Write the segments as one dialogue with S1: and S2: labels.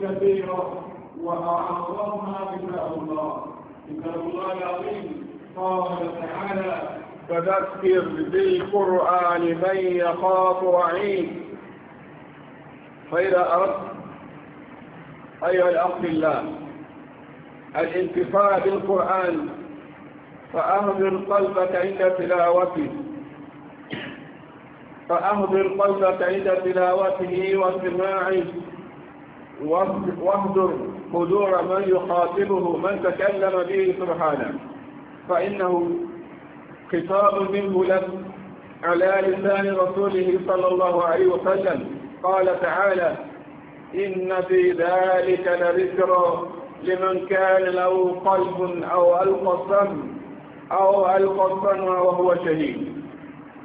S1: كثيرة وأعظمها كتاب الله كتاب الله العظيم قال تعالى فذكر بالقرآن من يخاف وعيد فإذا أردت أيها الأخ الله الانتفاع بالقرآن فأهدر قلبك عند تلاوته فأهدر قلبك عند تلاوته واستماعه واحضر حضور من يخاطبه من تكلم به سبحانه فإنه خطاب منه لك على لسان رسوله صلى الله عليه وسلم قال تعالى إن في ذلك لذكرى لمن كان له قلب أو ألقى السمع أو ألقى السمع وهو شهيد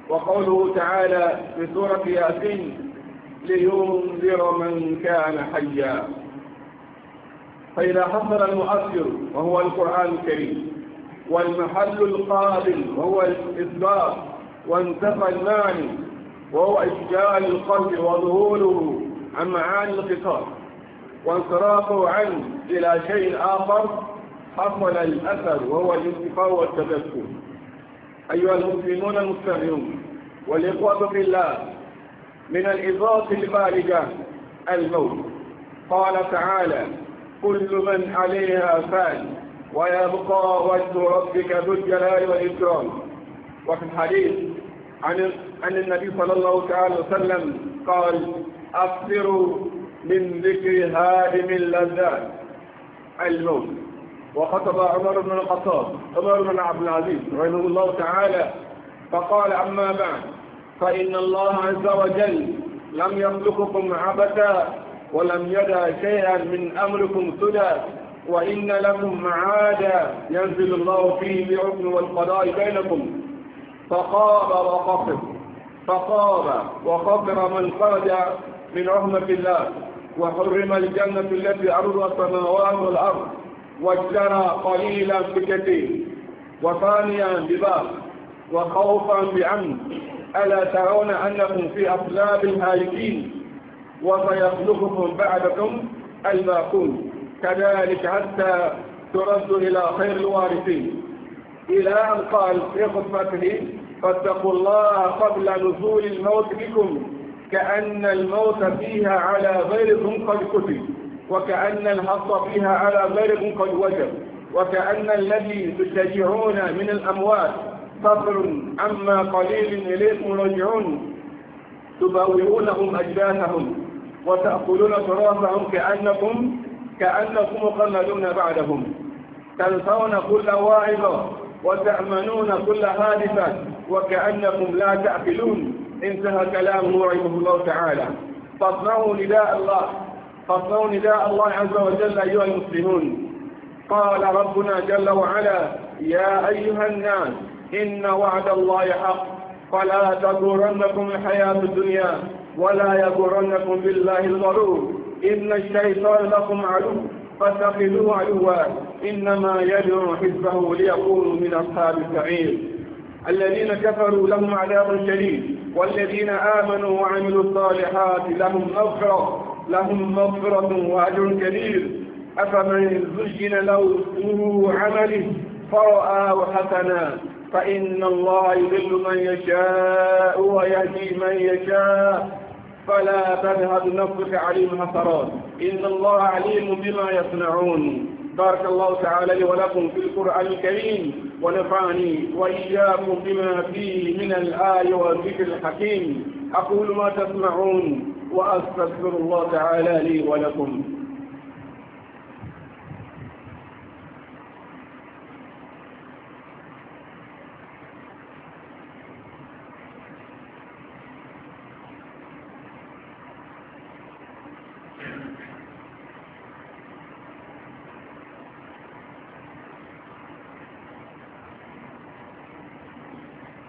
S1: وقوله تعالى في سورة ياسين لينذر من كان حيا فإذا حصل المؤثر وهو القرآن الكريم والمحل القابل وهو الإثبات وانتفى المعني وهو إشجال القلب وظهوره عن معاني القصاص وانصرافه عنه إلى شيء آخر حصل الأثر وهو الانتقاء والتذكر أيها المسلمون المستمعون والإخوة في الله من الإضافة البالغة الموت قال تعالى كل من عليها فان ويبقى وجه ربك ذو الجلال والإكرام وفي الحديث عن عن النبي صلى الله عليه وسلم قال أكثروا من ذكر هادم اللذات الموت وخطب عمر بن الخطاب عمر بن عبد العزيز رحمه الله تعالى فقال أما بعد فإن الله عز وجل لم يخلقكم عبثا ولم يدع شيئا من أمركم سدى وإن لكم معادا ينزل الله فيه بعكم والقضاء بينكم فقاب وقفر فقاب وقفر من خرج من رحمة الله وحرم الجنة التي عرضها السماوات والأرض واجترى قليلا بكثير وثانيا بباب وخوفا بأمن ألا ترون أنكم في أصلاب الهالكين وسيخلقكم بعدكم الباقون كذلك حتى ترد إلى خير الوارثين إلى أن قال في خطبته فاتقوا الله قبل نزول الموت بكم كأن الموت فيها على غيركم قد كتب وكأن الحق فيها على غيركم قد وجب وكأن الذي تشجعون من الأموات صبر عما قليل إليكم راجعون تبوئونهم أجداثهم وتأكلون تراثهم كأنكم كأنكم مخلدون بعدهم تلقون كل واعظة وتأمنون كل هادفة وكأنكم لا تأكلون انتهى كلامه رحمه الله تعالى فاصنعوا نداء الله فاصنعوا نداء الله عز وجل أيها المسلمون قال ربنا جل وعلا يا أيها الناس إن وعد الله حق فلا تغرنكم الحياة الدنيا ولا يغرنكم بالله الغرور إن الشيطان لكم عدو فاتخذوه عدوا إنما يدعو حزبه ليكونوا من أصحاب السعير الذين كفروا لهم عذاب شديد والذين آمنوا وعملوا الصالحات لهم مغفرة لهم مغفرة وأجر كبير أفمن زجن له سوء عمله فرآه حسنا فإن الله يضل من يشاء ويهدي من يشاء فلا تذهب نفسك عليهم حسرات إن الله عليم بما يصنعون بارك الله تعالى لي ولكم في القرآن الكريم ونفعني وإياكم بما فيه من الآية والذكر الحكيم أقول ما تسمعون وأستغفر الله تعالى لي ولكم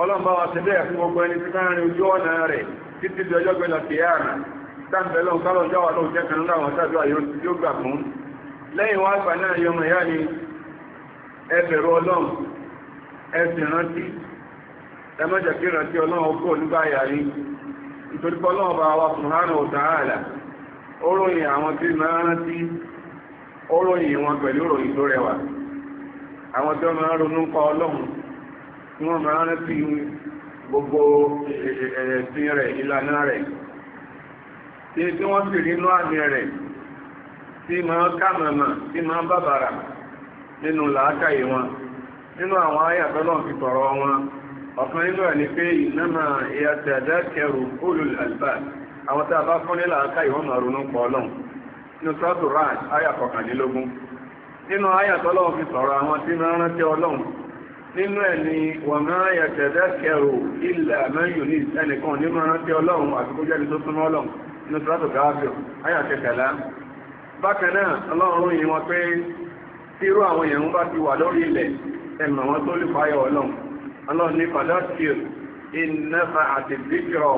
S1: ọlọ́mbà wa ṣe bẹ́ẹ̀ fún gbogbo ẹni tí káàrin ojú ọ̀nà rẹ̀ títí di ọjọ́ gbẹ̀lọ̀ sí ààrùn tábẹ̀lọ́ kálọ̀jọ́ wà lóòjẹ́ kan láwọn sábẹ́ àyọ́ tí ó gbà fún lẹ́yìn wá gbà náà yọmọ ìyá ni ẹ bẹ̀rù ọlọ́run ẹ sì rántí ẹ má jẹ́ kí rántí ọlọ́run ó kó nígbà yà yín nítorí pé ọlọ́run bá wa subhanahu wa ta'ala ó ròyìn àwọn tí máa rántí ó ròyìn wọn pẹ̀lú ìròyìn tó rẹwà kọ ọlọ́run tí wọ́n máa gbogbo eh, eh, eh, ẹ̀sìn rẹ̀ ìlànà rẹ̀ tí tí wọ́n rí rẹ̀ tí máa kàmàmà tí máa bàbàrà nínú làákàyè wọn nínú àwọn ayàtọ́lọ́ fi tọ̀rọ wọn ọ̀kan nínú ẹ̀ ni pé ìnáma ìyàtẹ̀dá kẹrù ulul àwọn tí a bá fún nínú ẹ̀ ni wọ̀n máa yẹ tẹ̀dẹ́ kẹrù ilẹ̀ mẹ́yìn ní ẹnìkan nínú rántí ọlọ́run àti kó jẹ́ni tó súnmọ́ ọlọ́run nínú sọ́tò gáàbíọ̀ ayà kẹkẹ̀lá bákan náà ọlọ́run yìí wọn pé irú àwọn èèyàn bá ti wà lórí ilẹ̀ ẹ̀mọ̀ wọn tó lè fáyọ̀ ọlọ́run ọlọ́run ní fàdákìr ìnáfà àti bíkọ̀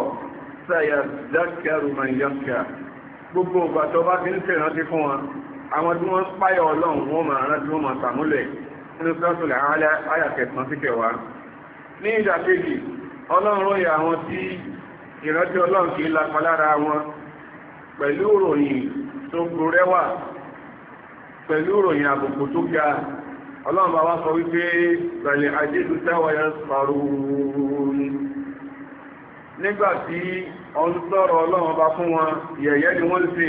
S1: nínú sọ́tùlẹ̀ ayàkẹ̀sán sí kẹwàá ní ìdàkejì ọlọ́run ròyìn àwọn tí ìrántí ọlọ́run kìí lapa lára wọn pẹ̀lú ròyìn tó gbòrẹ́wà pẹ̀lú ròyìn àbùkù tó ga ọlọ́run bá wá sọ wípé pẹ̀lẹ̀ àjẹ́dù táwàyà sọ̀rún nígbàtí ọ̀n sọ̀rọ̀ ọlọ́run bá fún wọn yẹ̀yẹ́ ni wọ́n ń ṣe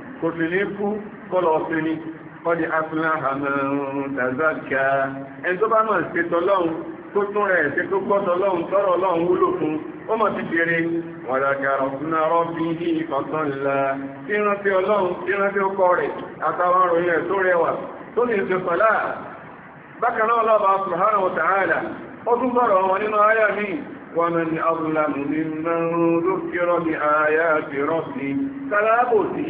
S1: kò sì ní kú kọ́lọ̀ ọ̀sẹ̀ ni kọ́dí afúnláhàmọ́ tàzákà ẹni tó bá mọ̀ ṣe tọ́lọ́run tó tún rẹ̀ ṣe tó gbọ́ tọ́lọ́run tọ́rọ̀ ọlọ́run wúlò fún ó mọ̀ ti bèèrè wàdàkàrọ̀ fún arọ́ bí i ìfọ̀tán ńlá tí rántí ọlọ́run tí rántí ayá mi ومن أظلم ممن ذكر بآيات ربه فلا بوتي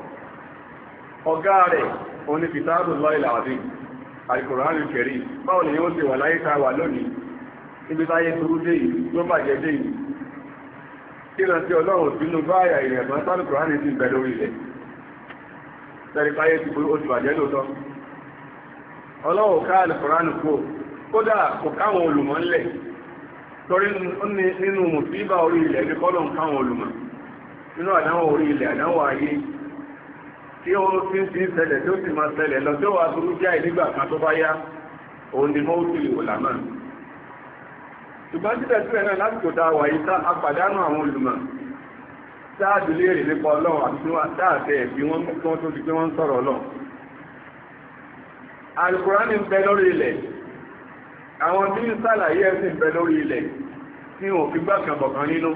S1: ọ̀gá rẹ̀ òní kìtàbù lọ́ìlà àdín alìkòránì kẹrì báwọn ni yóò ṣe wà láyé ta wà lónìí níbi táyé torú dé yìí ló bàjẹ́ dé yìí ìrántí ọlọ́run sínú báyà ìrẹ̀gbọ́n sálùkòránì ti bẹ̀ lórí ilẹ̀ tẹ́rí táyé ti pé ó ti bàjẹ́ lóòótọ́ ọlọ́run ká alìkòránì kó kódà kò káwọn olùmọ̀ ńlẹ̀ torí nínú mùsíbà orí ilẹ̀ ní kọ́lọ̀ káwọn olùmọ̀ nínú àdáwọ̀ orí ilẹ̀ àdáwọ̀ ayé tí ó ti ń ti ṣẹlẹ̀ tí ó sì máa ṣẹlẹ̀ lọ tí ó wà burú jáì nígbà kan tó bá yá òun ni mọ́ òtù ìwò làmà ṣùgbọ́n títẹ̀ sílẹ̀ náà lásìkò tá a wà yìí tá a pàdánù àwọn olùmọ̀ sáàdù léèrè nípa ọlọ́run àti dáàtẹ̀ ẹ̀bí wọn kí wọ́n tó di pé wọ́n ń sọ̀rọ̀ ọlọ́run alukurani ń bẹ lórí ilẹ̀ àwọn tí ń sàlàyé ẹ̀sìn ń bẹ lórí ilẹ̀ tí wọn fi gbà kan bọ̀kan nínú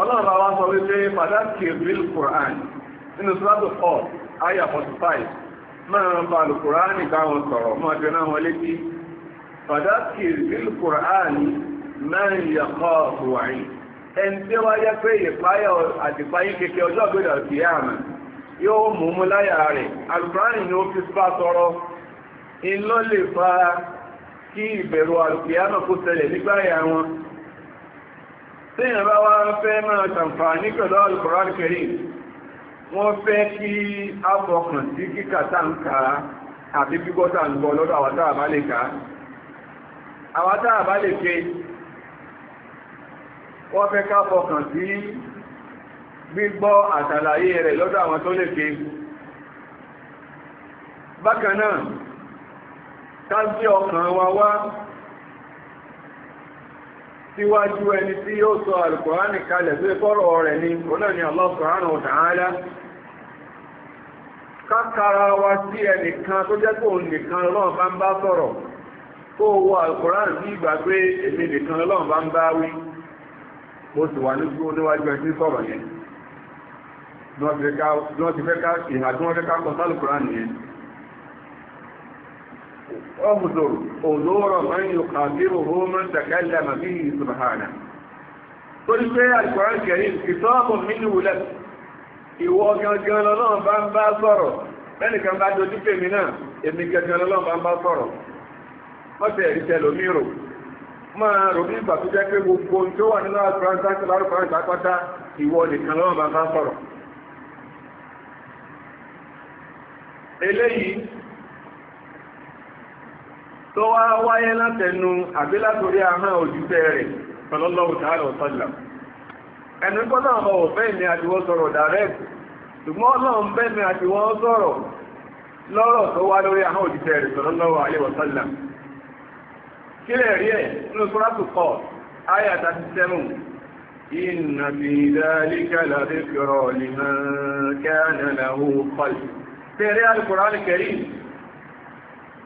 S1: ọlọ́run nínú sọ́dọ̀ paul aya 45 máa bá alùkùránì bá wọn sọ̀rọ̀ máa fi náà wọn létí fàdákìrì alùkùránì máa ń yàkọ́ ọ̀hùwàyí ẹni tí wá yẹ pé ìpáyà àtìpáyín kékeré ọjọ́ gbọ́dọ̀ sí àmà yóò mú kí ìbẹ̀rù àlùkìyàmà kó ṣẹlẹ̀ nígbàyà wọn tí ìyàn wá fẹ́ máa ṣàǹfààní pẹ̀lú alùkùránì wọ́n fẹ́ kí a fọkàn sí kíkà táǹkà àti gbígbọ́ táǹkọ lọ́dọ̀ àwátá àbálẹ̀ká àwátá àbálẹ̀ké wọ́n fẹ́ ká fọkàn sí gbígbọ́ àtàlàyé rẹ̀ lọ́dọ̀ àwọn tó lè ké bákan náà ọkàn wa wá síwájú ẹni tí yóò sọ alùkùránì kalẹ̀ sí kọ́rọ̀ rẹ̀ ni Allah subhanahu wa kákàrà wa sí ẹnìkan tó jẹ́ nìkan bá kó wo alùkùránì bí ìgbà pé èmi nìkan bá ń bá انظر حضور من يقابله من تكلم به سبحانه قل في القرآن الكريم كتاب منه لك ìwọ gangan lọ́nà bá ń bá sọ̀rọ̀ mẹ́nìkan bá dojú pèmí náà èmi gangan lọ́nà bá ń bá sọ̀rọ̀ rò máa ìgbà tó jẹ́ pé gbogbo tó wà nínú ìwọ nìkan bá ń eléyìí tó wá wáyé látẹnu àbí látorí ahọ́n òjúṣẹ́ rẹ̀ sallallahu ta'ala wa sallam ẹni gbọ́nà ọ̀fẹ́ ni àtiwọ́ sọ̀rọ̀ direct ṣùgbọ́n ọlọ́run bẹ́ ni àtiwọ́ sọ̀rọ̀ lọ́rọ̀ tó wá lórí ahọ́n òjúṣẹ́ rẹ̀ sallallahu alaihi wa sallam kílẹ̀ rí ẹ̀ nínú sọ́rọ̀tù kọ́ ayà 37 inna fi dhalika la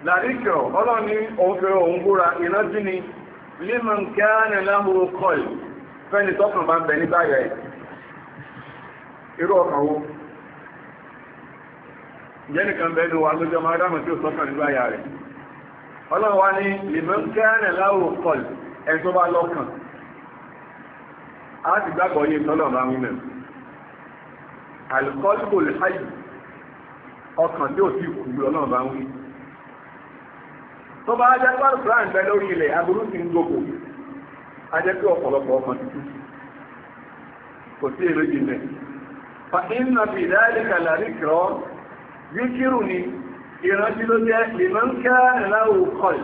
S1: làríkọ̀ ọlọ́ni òfin òun búra ìrántí ni límọ̀ kíánà láhùrú kọlì fẹ́ni tọ́kàn bá ń bẹ ní báyà ẹ̀ irú ọkàn wo jẹ́nìkan bẹ́ẹ̀ ni wà lójọ́ máa dámọ̀ tí ó tọ́kàn ní báyà rẹ̀ ọlọ́run wá ní límọ̀ kíánà láhùrú kọlì ẹ̀ tó bá lọ́kàn á ti gbàgbọ́ yé tọ́lọ̀ tó bá jẹ́ pàrọ̀ brand bẹ lórí ilẹ̀ aburú ti ń gbogbo a jẹ́ pé ọ̀pọ̀lọpọ̀ ọmọ tuntun kò sí èrè jìnlẹ̀ fa iná fi dáàlì kàlàrí kìrọ yíkírù ni ìrántí ló jẹ́ lèmọ́n kẹ́ ìlàwò kọ́ì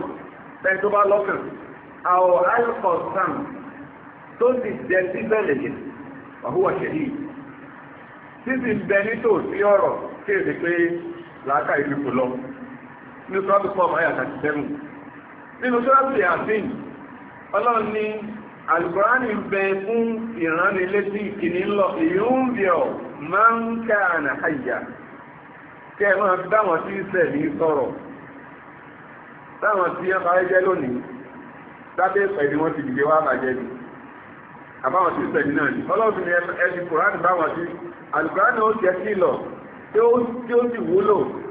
S1: bẹ́ẹ̀ tó bá lọ́kàn àwọ̀ alcohol sam tó sì jẹ́ sí ní sọ́ọ́tù pọ́ọ̀mù 37 bẹ fún ìránnilétí ìkíní lọ ìyún bí máa ń ká ànà àyà kí ẹ máa dáwọn tí ìṣẹ̀ ní sọ̀rọ̀ táwọn tí wọ́n bá jẹ́ lónìí lábẹ́ pẹ̀lú wọn ti dìde wá bàjẹ́ ni ní náà tí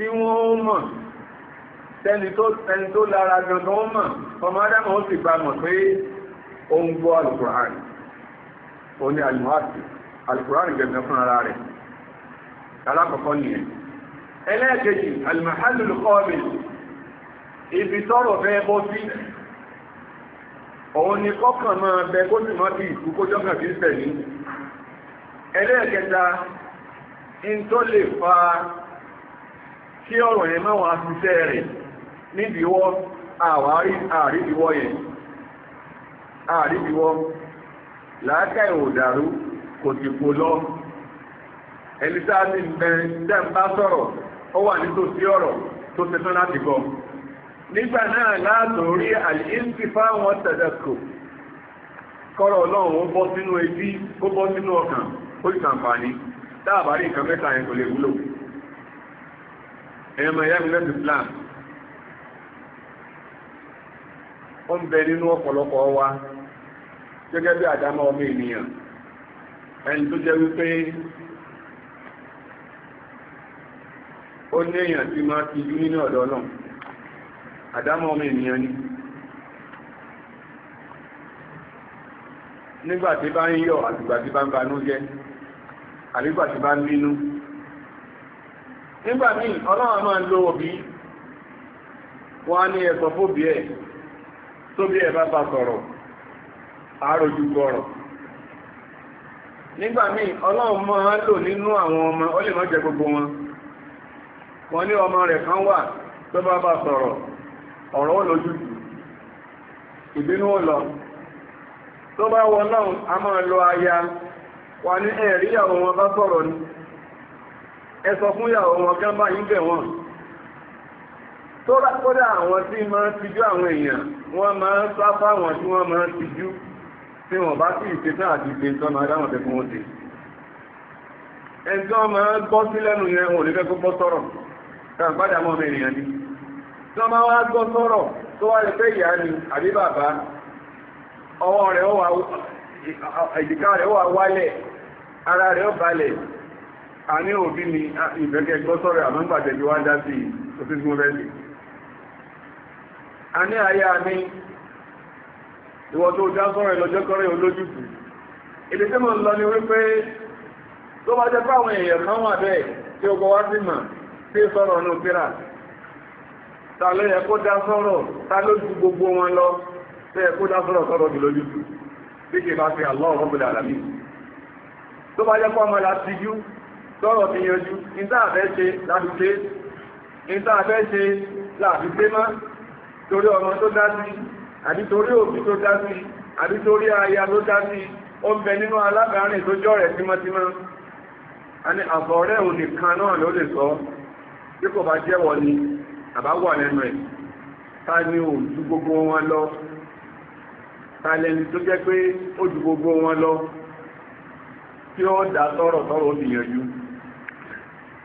S1: tí wọ́n ó mọ̀ tẹni tó lára gangan ó mọ̀ ọmọ adámọ̀ ó sì gba mọ̀ pé ó ń gbọ́ alukur'an ó ní alimuhasi alukur'an gẹ̀gẹ̀ fún ara rẹ̀ alákọ̀ọ́kọ́ nìyẹn ẹlẹ́ẹ̀kejì alimahalul kọ́ọ̀mì ibi ni kọ́kàn máa kí ọ̀rọ̀ yẹn máa wọn aṣiṣẹ́ rẹ̀ níbíwọ́ àwárí àríbíwọ́ yẹn àríbíwọ́ ìwò ìwòdàrú kò sì kò lọ ẹni tá a bá sọ̀rọ̀ ó wà nítòsí ọ̀rọ̀ tó ṣe láti gbọ́ nígbà náà látòrí àlìyéǹtì fáwọn tẹ̀dẹ̀kò kọ́rọ̀ ọlọ́run bọ́ sínú ó bọ́ sínú ọkàn ó ẹ̀yẹ́ máa plan ó ń bẹ nínú ọ̀pọ̀lọpọ̀ wa gẹ́gẹ́ bí àdámọ́ ọmọ ènìyàn ẹni tó jẹ́ wípé ó ní èèyàn tí máa ti yú nínú ọ̀dọ́ náà àdámọ́ ọmọ ènìyàn ni nígbàtí bá ń yọ̀ àtìgbàtí bá ń banú jẹ́ àrígbàtí bá ń bínú nígbà míì ọlọ́run máa ń lo òbí wọ́n ní ẹ̀sọ́ fóbi ẹ̀ bá bá sọ̀rọ̀ nígbà ọlọ́run máa lò nínú àwọn ọmọ ó lè gbogbo wọn wọ́n ní ọmọ rẹ̀ kan wà tó bá bá sọ̀rọ̀ ọ̀rọ̀ ìbínú tó bá náà a lo aya wà ní bá sọ̀rọ̀ ẹ sọ fún ìyàwó wọn kí wọ́n bá yín bẹ̀ wọ́n kódà àwọn tí máa ń tijú àwọn èèyàn wọ́n máa ń sá fáwọn tí wọ́n máa ń tijú tí wọ́n bá sí ìṣẹ́tàn àti ìṣẹ́tàn máa dáwọn tẹ́kùn wọn ti ẹjọ́ máa ń gbọ́ sí lẹ́nu yẹn wọ́n lè fẹ́ gbọ́ sọ̀rọ̀ ẹ̀rùn padà mọ́ ọmọ ènìyàn ni wálẹ̀ ara rẹ̀ ó a ní òbí ni ìbẹ̀kẹ́ gbọ́ sọ́rọ̀ àmọ́gbàjẹ̀ bí wá dá sí òsìsún rẹ̀lì a ní ayé a ní ìwọ tó dá sọ́rọ̀ ìlọ́jọ́kọ́rẹ́ olójútù ilé tí mo lọ ni wípé tó bá jẹ́ fáwọn èèyàn kan wà bẹ́ẹ̀ tí ó gbọ́wá sí mà tí bá fi Allah Rabbul Alamin tó bá jẹ́ fáwọn láti yú tọ́rọ̀ fi yanjú ìtàfẹ́ ṣe láàfíṣẹ́ ìtàfẹ́ ṣe láàfíṣẹ́ má torí ọmọ tó dá sí àbí torí òbí tó dá sí àbí torí aya tó dá sí ó bẹ nínú alábàárin tó jọ́ rẹ̀ tímọ́tímọ́ a ní àbọ̀rẹ́ òní kan náà ló lè sọ bí kò bá jẹ́wọ́ ni àbáwọ̀ lẹ́nu ẹ̀ ta ni ò ju gbogbo wọn lọ ta lẹni tó jẹ́ pé ó ju gbogbo wọn lọ tí ó dá tọ́rọ̀ tọ́rọ̀ ó ti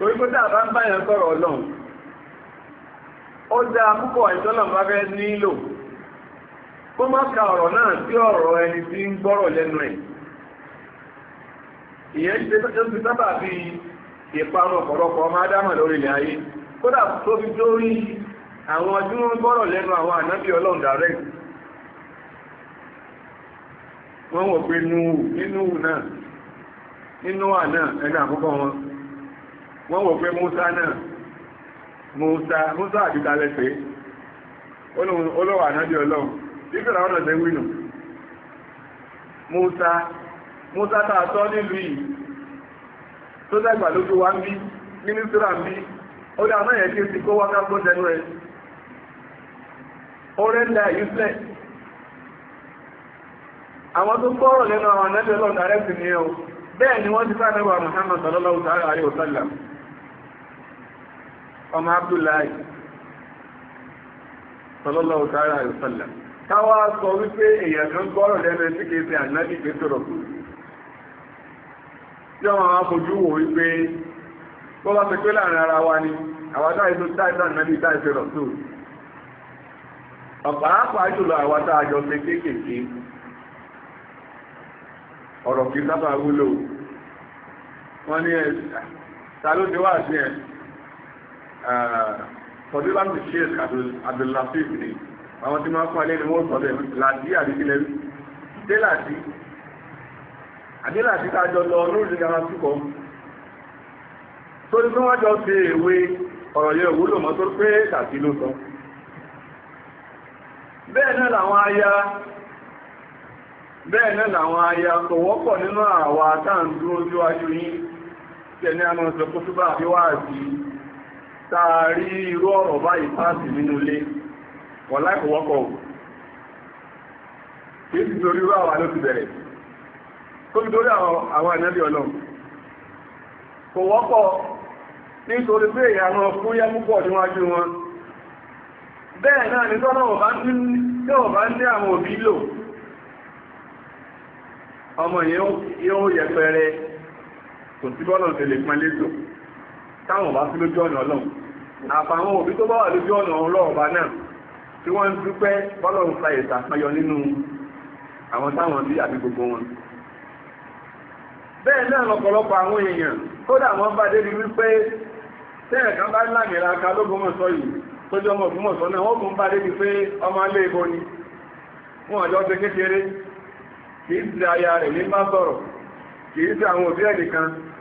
S1: torí pé a bá ń báyàn sọ̀rọ̀ ọlọ́run ó dá púpọ̀ ìtọ́nà bá fẹ́ nílò kó má ka ọ̀rọ̀ náà sí ọ̀rọ̀ ẹni tí ń gbọ́rọ̀ lẹ́nu ẹ̀ ìyẹn ṣe tó ti sábà bí ìparun ọ̀pọ̀lọpọ̀ ọmọ ádámà lórí ilẹ̀ ayé kódà tó fi dórí àwọn tí wọ́n gbọ́rọ̀ lẹ́nu àwọn ànábì ọlọ́run dàrẹ́ wọ́n wọ̀ pé nínú náà nínú àná ẹni àkọ́kọ́ wọn wọ́n wò pé Musa náà Musa Musa àdúgbà lẹ́fẹ́ olówó ànájẹ́ ọlọ́run títí làwọn ọ̀sẹ̀ wínú Musa Musa tàà tọ́ nílùú yìí tó dàgbà lójú wa ń bí mínísírà ń bí ó dá náà kí ti kó wákà tó ẹ ó rẹ́ ń da àwọn tó lẹ́nu àwọn ọmọ abdullahi sallallahu ta'ala alaihi wasallam káwá sọ wípé èèyàn kan gbọ́rọ̀ lẹ́nu ẹni kìí ṣe ànábì pé sọ̀rọ̀ kù tí ọmọ àwọn afojú wò wípé ni àwọn táyé tó táyé tó ànábì táyé ṣe rọ̀ tó ọ̀pàápàá jùlọ àwọn tá a jọ ṣe kéékèèké ọ̀rọ̀ kìí sábà wúlò wọ́n ní ẹ̀ ta ló ti wá sí ẹ̀ tọ́jú láti ṣe àdùlàfíì ní àwọn tí máa fún alẹ́ ni wọ́n sọ bẹ́ẹ̀ láti àdíkílẹ̀ dé láti àdé láti tájọ lọ lórí ìgbà máa túkọ̀ tó ní kí wọ́n jọ ṣe èwe ọ̀rọ̀ yẹ òwúlò mọ́ tó pé tàbí ló sọ bẹ́ẹ̀ náà làwọn aya bẹ́ẹ̀ náà làwọn aya kò wọ́pọ̀ nínú àwa táà ń dúró síwájú yín tẹ̀ ní àmọ́ sọ kó túbà àbíwá tààrí irú ọ̀rọ̀ báyìí pàtì nínú ilé wọ́n láìkò wọ́kọ̀ ò kí sí torí irú àwọn alóti bẹ̀rẹ̀ tó fi torí àwọn ànábì ọlọ́ kò wọ́pọ̀ nítorí pé àwọn fúyẹ́ púpọ̀ níwájú wọn bẹ́ẹ̀ náà ní tọ́nà ọ̀bá ń ní àwọn òbí lò ọmọ yẹn ó yẹpẹrẹ kò sí bọ́lọ̀ tẹ̀lé pẹ́lẹ́tò táwọn bá sí lójú ọ̀nà ọlọ́run àfàwọn òbí tó bá wà lójú ọ̀nà náà tí wọ́n ń dúpẹ́ fa ìta nínú àwọn táwọn bí àbí gbogbo wọn bẹ́ẹ̀ náà lọ́pọ̀lọpọ̀ àwọn èèyàn kódà wọ́n bá débi wípé tẹ́ẹ̀ kan bá lámìlá ka yìí náà wọ́n kún bá débi pé ọmọ alé ibo ni aya rẹ̀ ní bá sọ̀rọ̀ kìí ti àwọn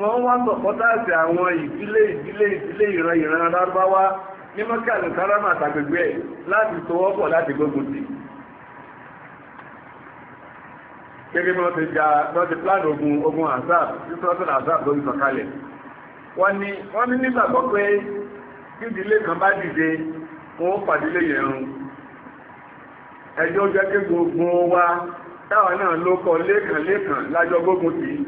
S1: wọ́n wá sọ̀pọ́tàsì àwọn ìdílé ìdílé ìdílé ìran ìran rábáwá ní mọ́kànlù káràmà àtàgbègbè ẹ̀ láti sọwọ́pọ̀ láti gbógun ti gẹ́gẹ́ bí wọ́n ti ja wọ́n ti plan ogun ogun azab tí sọ́tún azab lórí sọ̀kalẹ̀ wọ́n ní wọ́n ní nígbàgbọ́ pé kí ìdílé kan bá dìde wọn ó pàdílé yẹn run ẹjọ́ jẹ́ kí gbogbo wa táwọn náà ló kọ lẹ́ẹ̀kan lẹ́ẹ̀kan lájọ gbógun tì í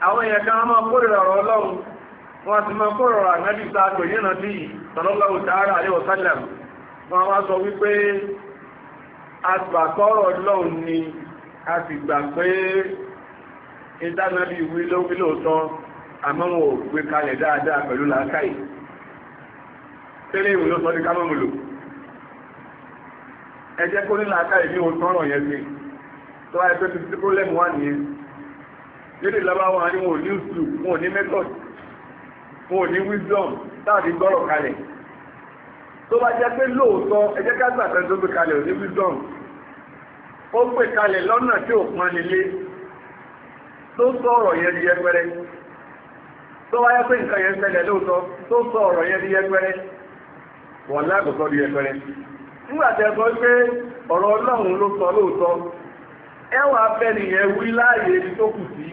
S1: àwọn èèyàn kan máa kórìíra ọ̀rọ̀ ọlọ́run wọ́n ti máa kórìíra ànábì sáàtò yínà bí sallallahu ta'ala alaihi wasallam wọ́n wá sọ wípé agbàkọ́rọ̀ ọlọ́run ni a sì gbà pé ìdánábì wí ló wí lóòótọ́ àmọ́ wọn ò gbé kalẹ̀ dáadáa pẹ̀lú làákàyè tẹ́lẹ̀ ìwé ló sọ ní kámọ́mùlò ẹ jẹ́ kó ní làákàyè bí òótọ́rọ̀ yẹn ti tó wáyé pé ti tí pólẹ́mù wà nìyẹn lédè lábáwọn ní wọn ní ìsù wọn ní method wọn ní wisdom táàbí gbọ́rọ̀ kalẹ̀ tó bá jẹ́ pé lóòótọ́ ẹ jẹ́ tó gbé kalẹ̀ ò ní wisdom ó gbé kalẹ̀ lọ́nà tí ó pọn tó sọ ọ̀rọ̀ yẹn di tó wáyé pé nǹkan yẹn lóòótọ́ tó yẹn di wọ́n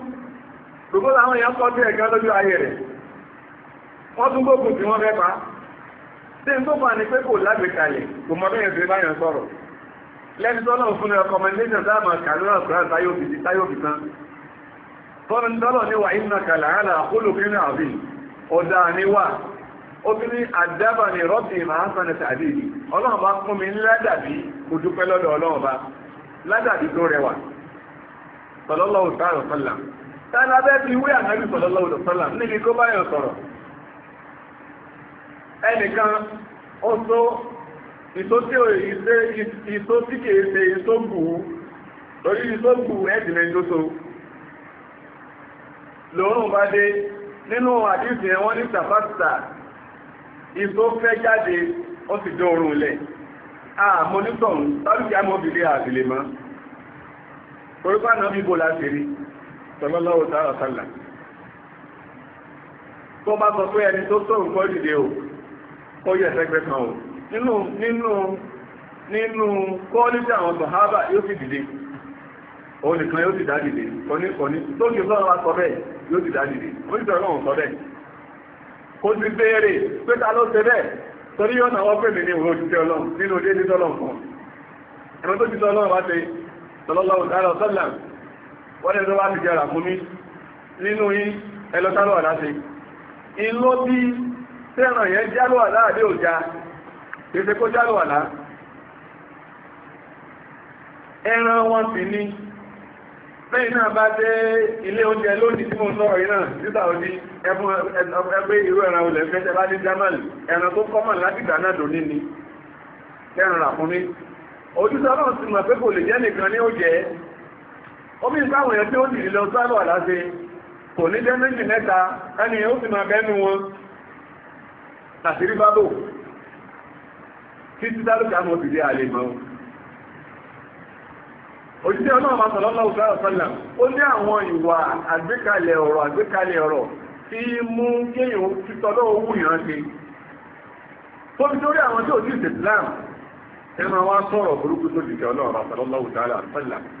S1: ṣùgbọ́n àwọn èèyàn kọ́ sí ẹ̀gá lójú ayé rẹ̀ wọ́n tún gbógun tí wọ́n fẹ́ pa tí n tó fà ní pé kò lágbèkalẹ̀ kò mọ bẹ́ẹ̀ fi báyàn sọ̀rọ̀ lẹ́ni tọ́lọ̀ fún ní recommendation dáàmà kàlúrà kùrán táyòbì sí táyòbì tán tọ́lọ̀ ní tọ́lọ̀ ní wà ìmúna kàlà àlà olùkírin àbí ọ̀dà níwà ó tún ní àdábà ní rọ́bì máa ń sanẹ̀ tàbí ọlọ́run bá fún tánà bẹ́ẹ̀ fi wé ànábì sallallahu alaihi wasallam níbi kó bá yàn sọ̀rọ̀ ẹnìkan ó tó ìtó tí ó ìṣe ìtó tí kìí ṣe ìtó bù ú torí ìtó bù ẹ̀jìnlẹ̀ ìjọ́sọ lòórùn bá dé nínú àdíṣì ẹ̀ wọ́n ní sàfàtà ìtó fẹ́ jáde ó sì jọ oorun lẹ̀ àmọ́ nítọ̀hún tálùkì àmọ́bìnrin àbìlẹ̀ mọ́ torípàá náà bíbo láti rí sallallahu ta'ala sallam tó bá sọ pé ẹni tó sọ̀rọ̀ kọ́ dìde o ó yẹ ẹ̀sẹ̀gbẹ́ kan o nínú nínú nínú kọ́lídà àwọn sọ̀hábà yóò fi dìde òun nìkan yóò ti dá dìde kọ̀ní tó kí sọ́rọ̀ wá sọ bẹ́ẹ̀ yóò ti dá dìde ó ti sọ̀rọ̀ sọ bẹ́ẹ̀ kó ti béèrè pé ta ló ṣe bẹ́ẹ̀ torí yóò náwó wọ́n lè tó bá ti jẹ́ rà fún mi nínú yí ẹlọ́tàlọ́ àdáṣe ìlò bí tẹ́ràn yẹn jálò àlá àdé òjá pèsè kó jálò àlá ẹran wọn sì ní lẹ́yìn náà bá dé ilé oúnjẹ lónìí tí mo ń sọ̀rọ̀ iná títà òdí ẹgbẹ́ irú ẹran olè fẹ́jẹ́ bá dé german ẹran tó kọ́mọ̀ láti ìgbà náà dòní ni ẹran rà fún mi ojúṣọ́ náà sì mọ̀ pé kò lè jẹ́ nìkan ní ó jẹ́ omi ìgbàwọ̀n yẹn tí ó dìrì lọ sáàlọ̀ àláṣe kò ní jẹ́ méjì mẹ́ta ẹni ó sì máa bẹ́nu wọn àṣírí bábò títí dálùkà mọ̀ sí àlè mọ́ òjíṣẹ́ ọlọ́run àtọ̀lọ́lọ́ òṣèlú ó ní àwọn ìwà àgbékalẹ̀ ọ̀rọ̀ àgbékalẹ̀ ọ̀rọ̀ tí mú kéèyàn títọ́lọ́ owó ìrántí tó fi torí àwọn tí ò sí ìsìláàmù ẹnu àwọn burúkú tó jìjẹ́ ọlọ́run àtọ̀lọ́lọ́ òṣèlú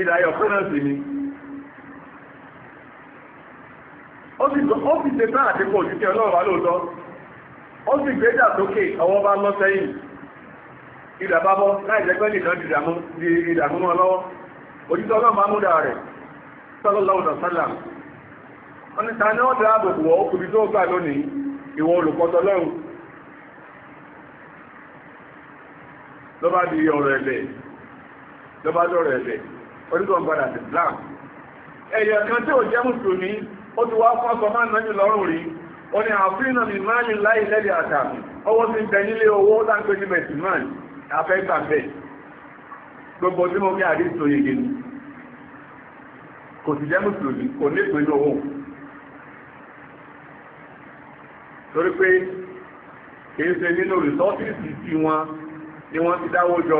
S1: ìdáyọ̀ kó náà sí ni ó sì ṣe tán àti pọ̀ òjúkẹ́ ọlọ́run wá lóòótọ́ ó sì gbéjà sókè ọwọ́ bá lọ sẹ́yìn ìdà bá bọ́ láì jẹ́ pẹ́ nìkan di ìdààmú mọ́ lọ́wọ́ òjútọ́ ọlọ́run bá múdà rẹ̀ sallallahu alaihi wasallam wọ́n ni ta ní wọ́n dáàbò bò ó kùbí tó gbà lónìí ìwọ olùkọ́tọ̀ lọ́run ló bá di ọ̀rọ̀ ẹ̀lẹ̀ ló bá dọ̀rọ̀ ẹ̀lẹ̀ onígbọ̀n padà sí Islam ẹ̀yà kan tí ó jẹ́ mùsùlùmí ó ti wá fún ọkọ̀ máa nájú lọ́rùn rí ó ní àfihàn mi máa ní láì lẹ́lẹ̀ àtà ọwọ́ ti bẹ nílé owó láńpé ní mẹ̀sìmán afẹ́gbàgbẹ́ gbogbo tí mo gbé àdí tó yege ni kò sì jẹ́ mùsùlùmí kò ní ìpín owó torí pé kìí ṣe nínú rìsọ́ọ̀tì sí wọn ni wọ́n ti dáwó jọ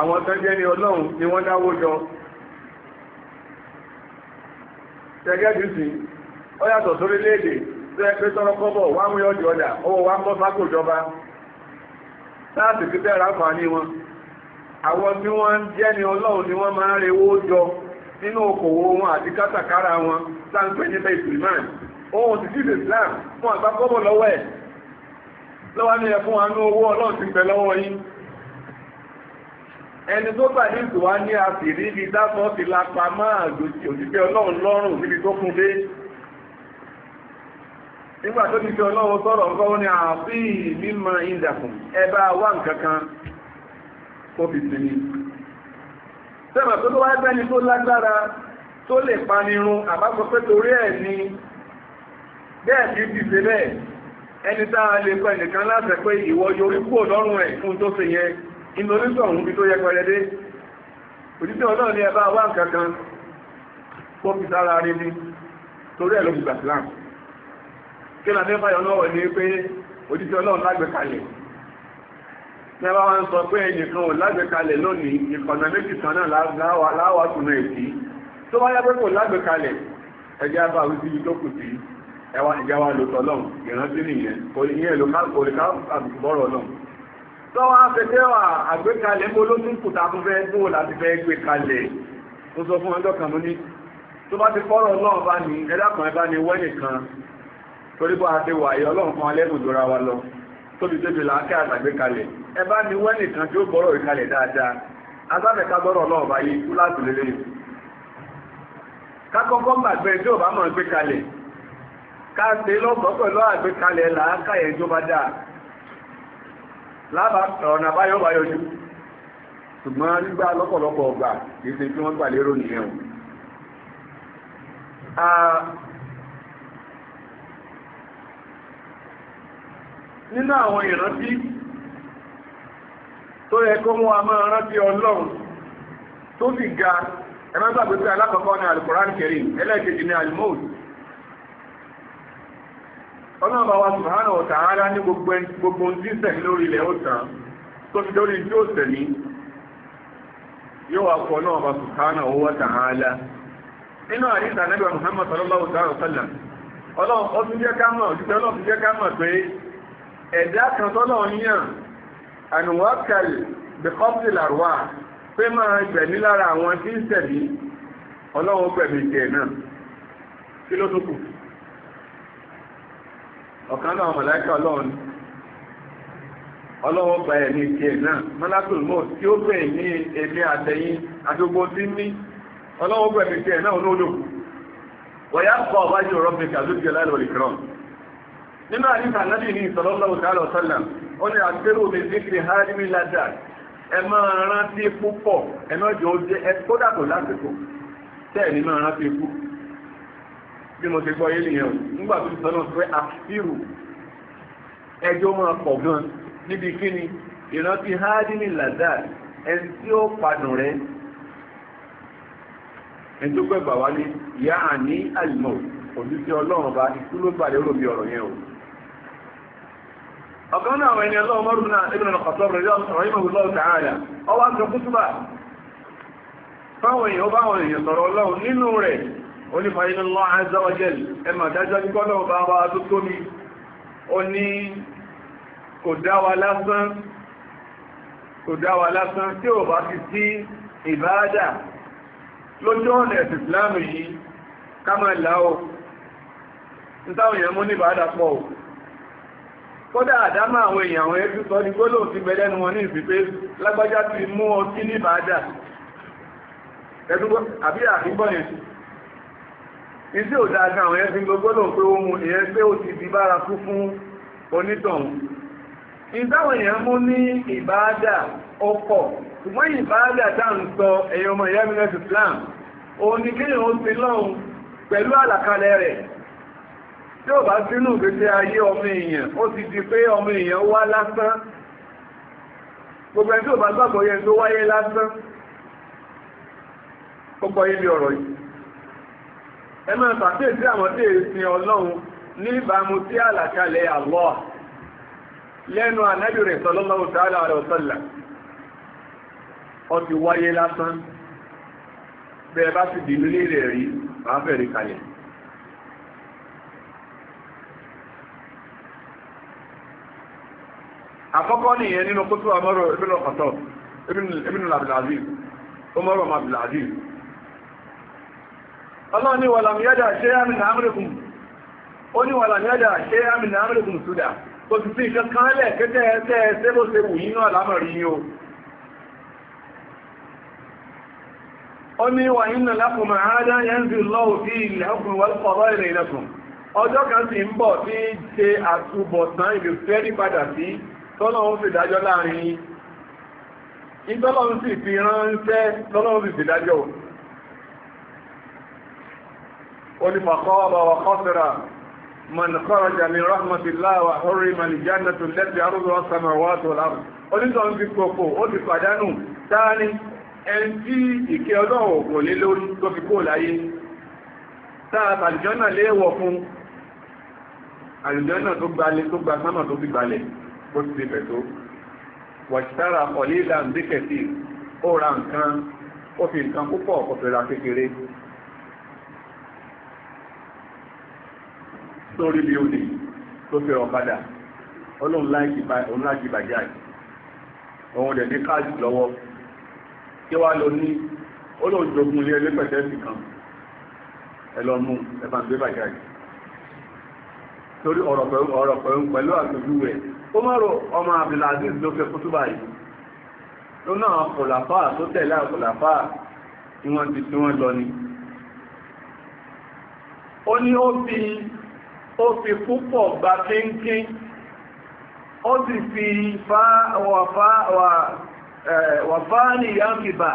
S1: àwọn tán jẹ́ ní ọlọ́run ni wọ́n dáwó jọ tẹ́gẹ́dù sí ó yàtọ̀ sórílẹ̀-èdè pé tọ́rọ kọ́bọ̀ wá mú ọjà owó wá mọ́ sákò jọba láti fi bẹ́ẹ̀ ní wọn àwọn tí wọ́n jẹ́ ọlọ́run ni wọ́n máa ń rewó jọ nínú okòwò wọn àti kátàkárà wọn nípa ohun ti Islam fún àgbákọ́bọ̀ lọ́wọ́ ẹ̀ lọ́wọ́ ní ẹ fún owó ọlọ́run ti ń bẹ lọ́wọ́ ẹni tó bà ní ìtò wá ní àfìrí ibi dákọ́ ti lápa máa lòtí òṣìṣẹ́ ọlọ́run lọ́rùn níbi tó kún dé nígbà tó ti fi ọlọ́run sọ̀rọ̀ ọgọ́ ní àfí mímọ̀ ìdàkùn ẹbá wà nǹkankan tó fi sí ni sẹ́mà tó tó wá ẹgbẹ́ni tó lágbára tó lè panirun àbákọ pé torí ẹ̀ ni bẹ́ẹ̀ kì í ti ṣe bẹ́ẹ̀ ẹni tá a lè pẹ́ nìkan láti pé ìwọ yorí kúrò lọ́rùn ẹ̀ fún tó ṣe yẹn ìlòlúsọ̀ òun bí tó yẹ pẹ̀lẹ́dé òtítẹ́ ọ̀nà ní ẹbá wá nǹkankan tó fi sára rí ní torí ẹ̀lọ́gbù gbàsílám kí là ní fàyọ̀ náà ní pé òtítẹ́ ọlọ́run lágbẹ̀kalẹ̀ mẹ́wà wá ń sọ pé ẹnìkan ò lágbẹ̀kalẹ̀ lónìí ìkọ̀nà méjì kan náà láwà túnú èsì tó wáyá pé kò lágbẹ̀kalẹ̀ ẹjẹ́ abá wípé ibi tó kù sí ẹwà ìjáwá lòtọ̀ lọ́n ìrántí nìyẹn kò ní ìyẹn lò ká àbùkù bọ́rọ̀ lọ́n lọ́wọ́ afẹ́fẹ́wà àgbékalẹ̀ mọ́ ló tún kùtà fún fẹ́ fún láti fẹ́ gbé kalẹ̀ tó sọ fún ọjọ́ kan mú ní tó bá ti fọ́rọ̀ ọlọ́run bá ní ẹ̀dá kan ẹ̀bá ni wẹ́ nìkan torí bá ti wà yọ ọlọ́run kan lẹ́bùn tó ra wa lọ tóbi tóbi làákẹ́ àtàgbékalẹ̀ ẹ̀bá ni wẹ́ nìkan tí ó gbọ́rọ̀ ìkalẹ̀ dáadáa asáfẹ́ká gbọ́rọ̀ ọlọ́run bá yí kú láti lélẹ̀ kákọ́kọ́ gbàgbé tí ò bá mọ̀ gbé kalẹ̀ ká ṣe lọ́gbọ́ pẹ̀lú àgbékalẹ̀ làákàyẹ̀ tó bá dáa lábà ọ̀nà báyọ̀ bá ṣùgbọ́n nígbà lọ́pọ̀lọpọ̀ ọgbà ìṣe tí wọ́n gbà lérò nìyẹn nínú àwọn ìrántí tó yẹ kó mú a máa rántí ọlọ́run tó fi ga alákọ̀ọ́kọ́ ní kẹrin ní ọlọ́ọ̀bá wa subhanahu wa ta'ala ní gbogbo ń dínsẹ̀ lórí ilẹ̀ òtàn tó fi lórí tí ó sẹ̀mí yóò wà fọ́ náà bá subhanahu inú àríta nẹ́bẹ̀ Muhammad sallallahu ta'ala sallam ọlọ́run ó tún jẹ́ ká mọ̀ òjútẹ́ ọlọ́run tún jẹ́ ká mọ̀ pé ẹ̀dá kan tọ́lọ́run yàn ànùwákàl bẹ̀kọ́pì làrúwà pé máa gbẹ̀mí lára àwọn tí ń sẹ̀mí ọlọ́run gbẹ̀mí jẹ̀ náà kí ló tó kù ọ̀kan náà mọ̀láíkà ọlọ́run ọlọ́wọ́ gba ẹ̀mí ti ẹ̀ náà mọ́lákùn mọ́ tí ó bẹ̀ ní èmi àtẹ̀yìn àdógbò tí ní ọlọ́wọ́ gba ẹ̀mí ti ẹ̀ náà lóòlò wọ̀yá kọ́ ọ̀bájú rọ́bì kàlùjẹ́ láìlọ́ ìkìrọ̀n nínú àdíkà nábì ní ìsọ̀lọ́lọ́wọ́ tààlọ̀ sọ́là ó ní àgbérò mi zikri hálímì ládà ẹ bí mo ti gbọ́ yé nìyẹn nígbà tó sọ náà pé ẹjọ́ máa pọ̀ gan níbi ní ẹni tí ó ẹni tó wá ní ìyá àní òjú tí ọlọ́run bá ikú ló gbàdé ọ̀rọ̀ yẹn o ọ̀kan náà ẹni ọlọ́run náà kọ̀tọ́ rẹ̀ ọ̀rọ̀ ó ní fàyínà lọ́ àzáwọ́jẹ́lì ẹmà dájọ́ ní kọ́nà ọba wa tó tó ní ó ní kò dáwà lásán kò dáwà lásán tí ò bá ti sí ìbáadà lójú ọ̀nà ẹ̀sìn ìsìláàmù yìí ká máa láwọ́ nítàwọn èèyàn mú ní ìbáadà pọ̀ ò kódà àdámà àwọn èèyàn àwọn ẹ̀sùn sọ ní gbólò ti gbẹ̀lẹ́nu wọn ní ìsìpé lágbájá ti mú ọtí ní ìbáadà ẹ̀dúgbọ́ àbí àfíbọ̀ iṣẹ́ ò dáa kan àwọn ẹ̀sìn gbogbo lòun pé ó mú ìyẹn pé ó ti di bárakú fún onítọ̀hún ìdáwọn èèyàn mú ní ìbáadà ọkọ̀ ṣùgbọ́n ìbáadà tá ń sọ ẹ̀yọ ọmọ ìyá mi lẹ́sìn Islam òun ni kí ìhun sí lọ́hun pẹ̀lú àlàkalẹ̀ rẹ̀ tí ó bá sínú ìgbésí ayé ọmọ èèyàn ó ti di pé ọmọ èèyàn wá lásán gbogbo ẹni tí ò bá gbàgbọ́ yẹn tó wáyé lásán ó gbọ́ yé bí ọ̀rọ̀ yìí ẹ máa pàkíyèsí àwọn tí èsìn ọlọ́run ní ìbámu sí àlàkalẹ̀ àlọ́ lẹ́nu ànábì rẹ̀ sallallahu ta'ala alaihi wasallam ọtí wáyé lásán bẹ́ẹ̀ bá ti dì nílé rẹ̀ rí máa fẹ̀rí kalẹ̀ àkọ́kọ́ nìyẹn nínú kótó àmọ́rọ̀ ibn ọlọ́run ní wọ̀làm yẹ́dà ṣe àmì nàámìrìkùn ó ní wọ̀làm yẹ́dà ṣe àmì nàámìrìkùn ṣúdà kò sì sí o ó ní wà nínú lápùmọ̀ àádá yẹn lọ́wọ́ sí ilẹ̀ ọkùnrin wọ́n kọ̀ọ̀rọ̀ ìrìn kan onífàkọ́ọ̀bà wà kọ́sìrà man kọ́rọ̀jà ní rahmatulá wà hórí màlìjánà tó lẹ́tì arúgbọ́ samarwato láàrùn onítọ̀ ń fi pòpò ó ti pàdánù táàní ẹn tí ìkẹ́ ọlọ́wọ̀ kò lé lórí tó fi kó láyé táà màlìjánà léèwọ̀ fún àlìjánà tó gbalẹ̀ tó gba sánà tó fi gbalẹ̀ bó ti ti fẹ̀tó wàṣítàrà sórí ilé òní tó fi rọ̀ padà ọlọ́run láìkí bàjẹ́ àti òun dẹ̀ ní káàdì lọ́wọ́ kí wá lọ ní ọlọ́run jogun ilé ẹlẹ́pẹ̀tẹ́ sí kan ẹlọ́mú ẹbàǹgbé bàjẹ́ àti torí ọ̀rọ̀ pẹ̀lú àtòjú rẹ̀ ó mọ́rọ̀ ọmọ Abdulaziz ló fẹ́ kútúbà yìí ló náà kòlàfà tó tẹ̀lé àkòlàfà tí wọ́n ti tí wọ́n lọ ni ó ní ó fi ó fi púpọ̀ gba kínkín ó sì fi wàfá ní yánkìbà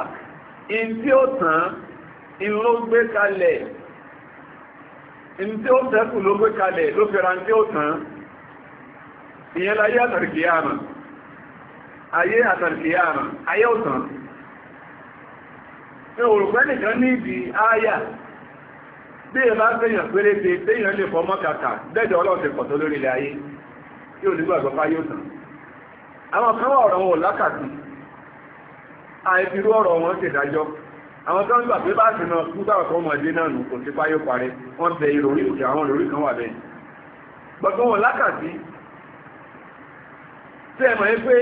S1: in tí ó tán in ló gbé kalẹ̀ in tí ó tẹ́kù ló gbé kalẹ̀ ló fẹ́ra tí ó tán ìyẹn láyé àtàrìkìyàmà ayé àtàrìkìyàmà ayé ó tán ní òrùpẹ́ nìkan ní ìdí ááyà bí ẹ bá fẹ́yàn péréte téèyàn lè fọmọ́ kàkà dẹ́jọ́ ọlọ́ọ̀sẹ̀ pọ̀ tó lórí ilẹ̀ ayé tí ò nígbàgbọ́ bá yóò tàn àwọn kan wà ọ̀rọ̀ wọn ò lákàtì àìfirú ọ̀rọ̀ wọn ṣèdájọ́ àwọn kan gbà pé bá sì náà kú táwọn kan mọ̀dé náà nù kò sí páyó parẹ́ wọ́n bẹ ìròrí òkè àwọn ìròrí kan wà bẹ́ẹ̀ gbọ́gbọ́n wọn lákàtì tí ẹ mọ̀ ẹ́ pé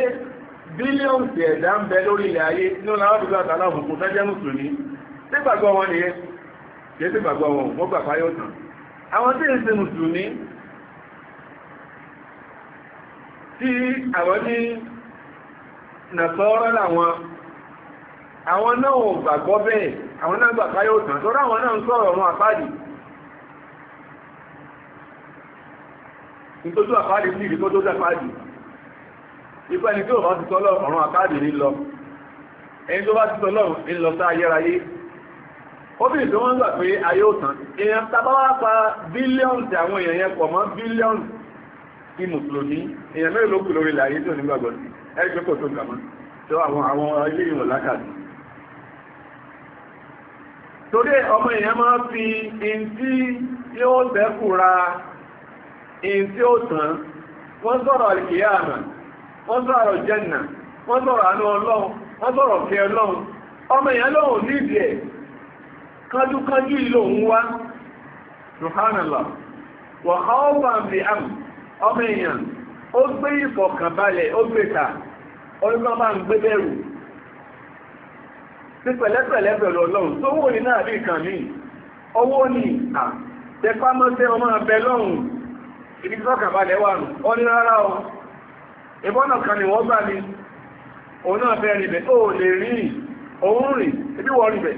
S1: bílíọ̀nù ẹ̀dá ń bẹ lórí ilẹ̀ ayé ní ọ̀làwọ̀ kẹsẹ̀ gbàgbọ́ wọn wọ́n gbà fáyọ́ tán àwọn tí ń ṣe mùsùlùmí tí àwọn ní nàṣọ́rọ́ làwọn àwọn náà ò gbàgbọ́ bẹ́ẹ̀ àwọn náà gbà fáyọ́ tán tọ́rọ àwọn náà ń sọ̀rọ̀ wọn àpáàdì nítorí àpáàdì sí ìdíkọ́ tó dápáàdì ipá ẹni tí ò bá ti tọ́lọ́ ọ̀run àpáàdì ní lọ ẹni tó bá ti tọ́lọ́ ń lọ sáà yẹ́rayé obìnrin tó wọ́n ń gbà pé ayé ò tán èèyàn tàbáwá pa bílíọ̀nù tí àwọn èèyàn yẹn pọ̀ mọ́ bílíọ̀nù tí mùsùlùmí èèyàn mẹ́rin ló kù lórí ilẹ̀ ayé tó nígbàgbọ́ sí ẹgbẹ́ kò tó gbàmọ́ tó àwọn àwọn ilé ìwọ̀n lákàtí torí ọmọ èèyàn máa fi in tí kánjúkánjú ìlò nwa wá ṣùhánàlá wà ọ́pàá bí am ọmọ èèyàn ó gbé ìfọ̀kànbalẹ̀ ó gbèta olùkọ́ bá ń gbé bẹ̀rù sí pẹ̀lẹ́pẹ̀lẹ́ bẹ̀rù ọlọ́run tó wò ní náà bí ìkàn ní ọwọ́ ní à tẹpá ibi wà nù ọ ní rárá ìbọ́nà kan ni wọ́n gbà ní òun náà fẹ́ rìn bẹ̀ ó lè rìn òun rìn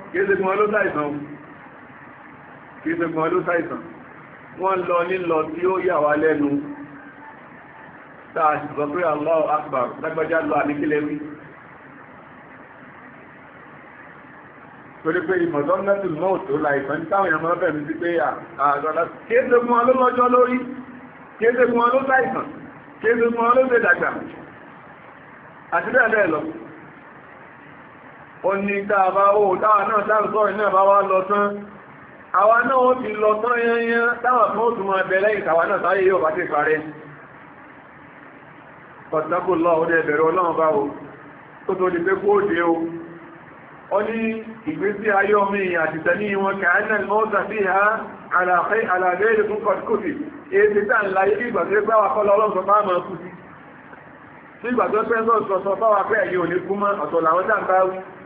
S1: kìí ṣe kan ló ṣàìsàn kìí ṣe kan ló ṣàìsàn wọ́n lọ nílọ tí ó yà wá lẹ́nu tàà ṣùgbọ́n pé Allahu Akbar lágbàjá lọ àníkílẹ̀ wí torí pé ìmọ̀sánlẹ́tù náà tó láìsàn ní táwọn èèyàn mọ́bẹ̀ mi sí pé àgbàdá kéèsè fún wọn ó ní dáàbá ó dáà náà dáàbùsọ́ ìná bá wá lọ tán àwa náà ó ti lọ tán yányán táwà fún òtù máa bẹ lẹ́yìn tàwà náà sáyé yóò bá ti parẹ́ ọ̀tọ́kù lọ ó dẹ̀ bẹ̀rẹ̀ ọlọ́run bá o tó tó di pé kó dé o ó ní ìgbésí ayé ọmọ èèyàn àti tẹ̀lé wọn kà á náà mọ́ tàbí ha àlàfẹ́ àlàbẹ́ẹ̀lẹ̀ fún kọ̀tíkòtì èdè tá ń la ilé ìgbà tó gbá wa kọ́ lọ ọlọ́run sọ bá máa kú sí nígbà tó ẹ̀yìn òní kú mọ́ ọ̀tọ̀ làwọn dáńtà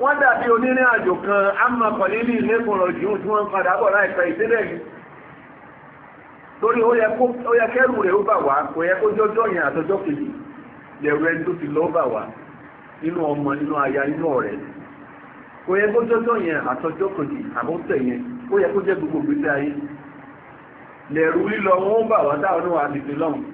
S1: wọ́n dàbí onírin àjò kan àmà kọ̀lílì lẹ́kùnrọ̀ jù tí wọ́n padà bọ̀ láìpẹ́ ìtẹ́lẹ̀ yìí torí ó yẹ kẹ́rù rẹ̀ ó bà wá kò yẹ kó jọjọ́ yẹn àtọjọ́ lẹ̀rù tó ti lọ́ bà wá nínú ọmọ nínú aya ọ̀rẹ́ kò kó yẹn ó yẹ kó jẹ́ gbogbo gbèsè ayé lẹ̀rù lílọ wọn táwọn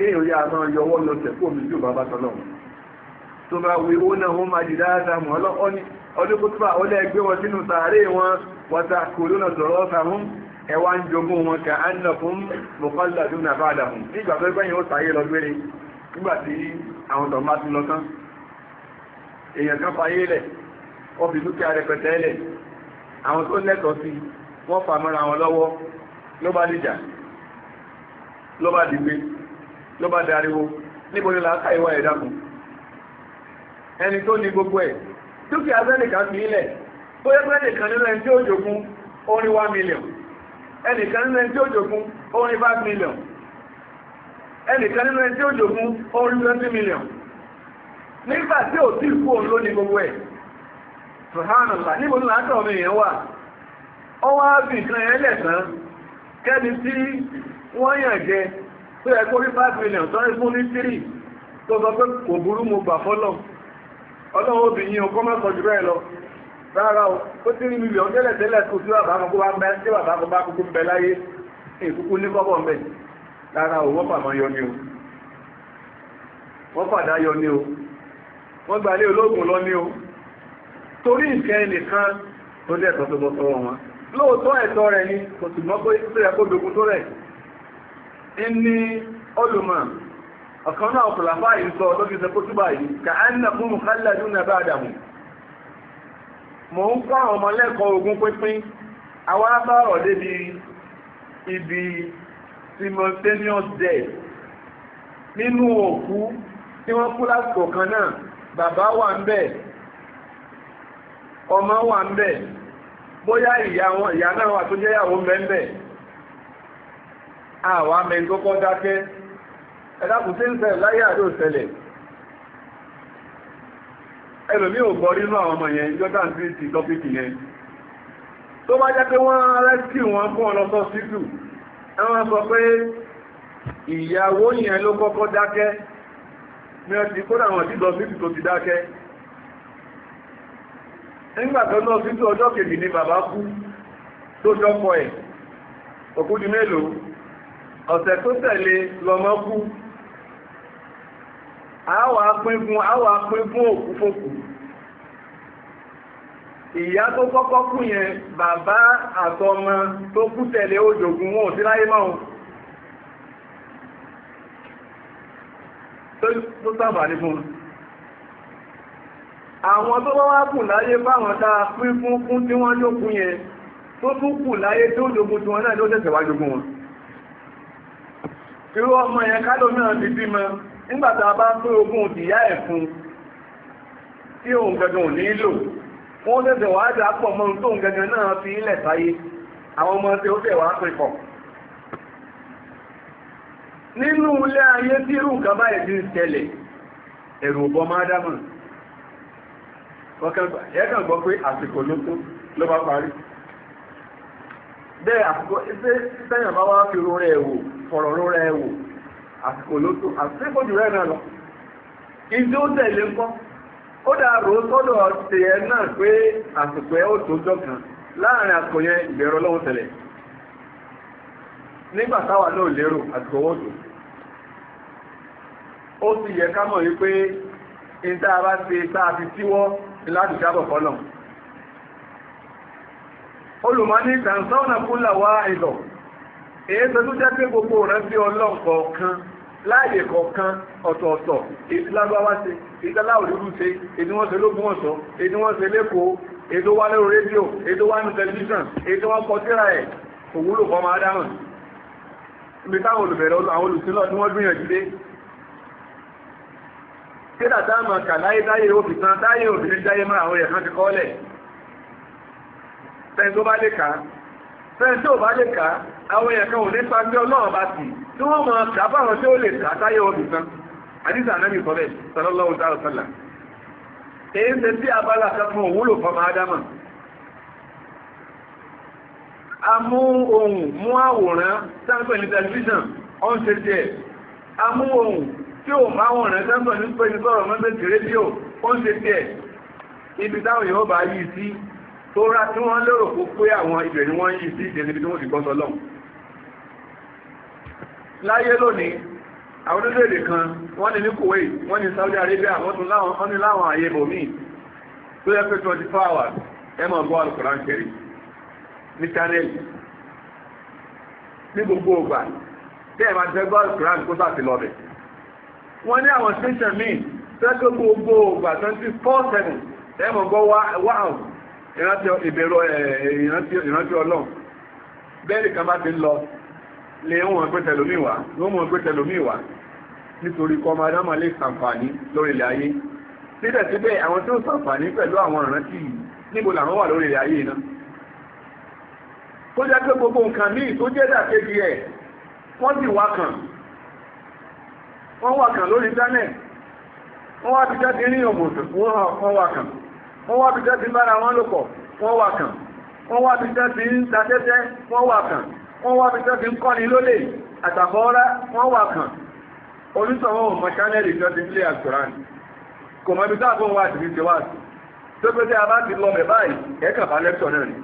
S1: kéèyàn yá máa yọwọ́ lọ tẹ̀kọ́ omi jù bàbá tọ́lọ̀ tó bá wí ó náà wọ́n máa dìdá àdámù ọdún kó túbà ọlẹ́ ẹgbẹ́ wọn sínú sàárè wọn wata kò lónà sọ̀rọ̀ ọ̀sàmún ẹwà ń jogún wọn kà á nà fún mọ̀kànlá tó nà fàdà fún nígbà tó gbẹ̀yìn dìgbé ló bá dariwo níbo ni làákà ìwà ẹ̀dàkùn ẹni tó ní gbogbo ẹ̀ dúkìá sẹ́nìkan fi ilẹ̀ tó yẹ pé ẹnìkan nínú ẹni tí ó jogún ó ní 1 million ẹnìkan nínú ẹni tí ó jogún ó 5 million ẹnìkan nínú tí ó jogún ó 20 million nígbà tí ò tí kú òun ló ní gbogbo ẹ̀ sùhánàlá níbo ní làákà ọmọ èèyàn wà ó wá bí nǹkan ẹlẹ́sàn kẹ́ni tí wọ́n yàn jẹ pé ẹ̀kọ́ rí 5 million tọ́rí fún ní 3 tó sọ pé kò burú mo gbà fọ́lọ̀ ọlọ́wọ́ obìnrin ọkọ́ mọ́ sọ jù bẹ́ẹ̀ lọ rárá o ó 3 million tẹ́lẹ̀ tẹ́lẹ̀ kò sí bàbá kọ́kọ́ bá ń bẹ tí bàbá kọ́kọ́ bá kúkú ń bẹ láyé ìkúkú ní kọ́bọ̀ o wọ́n fàmọ́ yọ o wọ́n fàdá yọ o wọ́n gbà lé ológun o torí nǹkan ẹnìkan tó lẹ́ẹ̀tọ́ tó bọ́ sọ́wọ́ wọn lóòótọ́ ẹ̀tọ́ rẹ̀ ni kò sì mọ́ pé ó yẹ kó dogun tó rẹ̀ inni olùmọ̀ ọ̀kan náà ọ̀pọ̀lọpá yìí sọ lókè sọ kó túbà yìí kà á nà fún mùkálàdù nà bá àdàmù mò ń kọ́ àwọn ọmọlẹ́kọ̀ọ́ ogun pínpín àwọn abáwọ̀ débi ibi simultaneous death nínú òkú tí wọ́n kú lásìkò kan náà bàbá wà ń bẹ̀ ọmọ wà ń bẹ̀ bóyá ìyá náà wà tó jẹ́yàwó ń ń bẹ̀ àwọn amẹ́rin tó kọ́ dákẹ́ ẹ̀dàkùn tí ń ṣẹlẹ̀ láyé àdó ìṣẹ̀lẹ̀ ẹlòmí ò gbọ́ nínú àwọn ọmọ yẹn yọ́dá ń tí tọ́pìkì yẹn tó bá jẹ́ pé wọ́n rẹ́sì wọn fún ọlọ́sọ́ sítù ẹwọ́n sọ pé ìyàwó yẹn ló kọ́kọ́ dákẹ́ ní ọtí kó àwọn tí lọ sítù tó ti dákẹ́ nígbàtọ́ lọ sítù ọjọ́ kejì ni bàbá kú tó jọ́kọ ẹ̀ òkú di mélòó ọ̀sẹ̀ tó tẹ̀lé lọ́mọ kú àwà pín fún àwà pín fún òkú fòkú ìyá tó kọ́kọ́ kú yẹn bàbá àtọmọ tó kú tẹ̀lé òjògùn wọn ò sí láyé mọ́ tó sábà ní fún àwọn tó bá wá kù láyé báwọn dáa pín fún fún tí wọ́n jókun yẹn tó tún kù láyé tó jogun tí wọ́n náà ló tẹ̀sẹ̀ jogun wọn irú ọmọ yẹn kálò náà ti bímọ nígbàtà bá pé ogún ìyá ẹ̀ fún tí òun gẹ̀gẹ̀ ò nílò wọ́n tẹ̀sẹ̀ pọ̀ mọ́ tó ń fi ilẹ̀ sáyé àwọn ọmọ tí ó tẹ̀ wá pè nínú ilé ayé tí irú nǹkan báyìí ti ń ẹ̀rù máa dámọ̀ ẹ̀kàn gbọ́ fọ̀rọ̀ ló rẹ̀ wò àsìkò ló tó rẹ̀ náà lọ ìdí ó tẹ̀lé ńkọ́ ó dà rò ó sọ́dọ̀ náà pé àsìkò ẹ ó tó jọ láàrin àsìkò yẹn ìbẹ̀rọ ọlọ́run tẹ̀lẹ̀ olùmọ́ ní èyí sọ tó jẹ́ pé gbogbo ìrántí ọlọ́run kọ̀ọ̀kan láàyè kọ̀ọ̀kan ọ̀tọ̀ọ̀tọ̀ èyí lágbáwá ṣe èyí tá láwùrí rú ṣe èyí tí wọ́n ṣe lógún ọ̀sán èyí tí wọ́n ṣe lẹ́kọ̀ọ́ èyí tó wá lórí rédíò èyí tó wá ní tẹlifíṣàn èyí tí wọ́n kọ síra ẹ̀ kò wúlò kọ́ máa dáhùn níbi táwọn olùbẹ̀rẹ̀ àwọn olùsílọ̀ tí wọ́n gbìyànjú dé kédà dáàmà kà láyé dáyé òbí tán dáyé òbí ní dáyé máa àwọn ẹ̀kan ti kọ́lẹ̀ tẹ́ tó bá lè kàá fẹ́ẹ̀ tí ò bá lè kà á àwọn èèyàn kan ò ní pàgbé ọlọ́run bá sì tí wọ́n mọ̀ kà fáwọn tí ó lè kà táyé omi kan àdísà náà nìkan bẹ́ẹ̀ sallallahu ta'ala sallam èyí ṣe tí abala kan fún òwúlò fọmọ ádámà a mú ohun mú àwòrán sáńpẹ̀ ní tẹlifíṣàn ọ̀n ṣe jẹ́ a mú ohun tí ò máa wọ̀nrán sáńpẹ̀ ní pẹ̀lú sọ̀rọ̀ mọ́gbẹ̀ẹ́ rédíò ọ̀n tó rá tí wọ́n lérò kó pé àwọn ibẹ̀ ni wọ́n yí sí ìdẹ̀lẹ́bí tó wọ́n ti gbọ́ sọ lọ́wọ́ láyé lónìí àwọn orílẹ̀-èdè kan wọ́n ní ní Kuwait wọ́n Saudi Arabia wọ́n tún láwọn àyè bòmíì tó yẹ pé 24 hours ẹmọ gbọ́ alùkùnrán kẹrì ní channel ní gbogbo ògbà tí ẹ̀mà jẹ́ gbọ́ alùkùnrán kó sáti lọ wọ́n ní àwọn station mean tẹ́gbẹ́ gbogbo ògbà 24/7 ẹmọ gbọ́ wáhùn ìrántí ọlọ́run bẹ́ẹ̀rì kan bá ti ń lọ lè wọ́n pé tẹlòmíwà wọ́n mọ̀ pé tẹlòmíwà nítorí kọmọ adámọ̀ lè sàǹfààní lórí ilẹ̀ ayé síbẹ̀síbẹ̀ àwọn tí ó sàǹfààní pẹ̀lú àwọn ìrántí níbo làwọn wà lórí ilẹ̀ ayé náà kó jẹ́ pé gbogbo nǹkan míì tó jẹ́ dàkejì ẹ̀ wọ́n sì wá kàn wọ́n wá kàn lórí internet wọ́n wá ti jáde ní ọmọ òṣèlú wọ́n wá kàn wọ́n wá bí tẹ́sí bára wọn lòpọ̀ wọ́n wà kàn wọ́n wá bí tẹ́sí ń tàtẹ́tẹ́ wọ́n wà kàn wọ́n wá bí tẹ́sí ń kọ́ni lólè àtàkọ́ọ́rá wọ́n wà kàn onítọ̀wọ́ mọ̀ṣánẹ́lì tó ti lé àkùrán kò mọ̀ bí táàbọ̀ wà ti fi ṣe wá sí tó pé tí a bá ti lọ mẹ́ báyìí ẹ̀kà bá lẹ́tọ̀ náà ni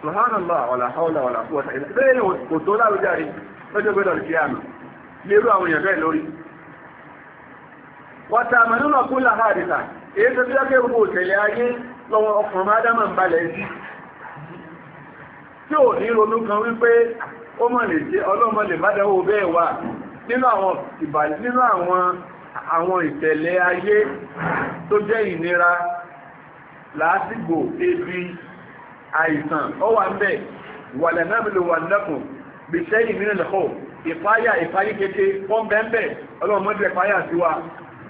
S1: subhanallah wàlà haúlà wàlà fúwọ́ta ilẹ̀ kò tó láwùjáre lọ́jọ́ gbé lọ́rì kí àmì lérú àwọn èèyàn bẹ́ẹ̀ lórí wàtà àmàlúnà kúlà hàdìsà èyí tó tí ọkẹ́ gbogbo òtẹ̀lẹ̀ ayé lọ́wọ́ ọkùnrin adama ń balẹ̀ sí tí ò ní ronú kan wípé ó mọ̀ lè jẹ́ ọlọ́mọ lè bá dánwò bẹ́ẹ̀ wà nínú àwọn ìbàlẹ̀ nínú àwọn àwọn ìtẹ̀lẹ̀ ayé tó jẹ́ ìnira lásìgbò ebi àìsàn ó wà ń bẹ̀ wàlẹ̀ náà lè wà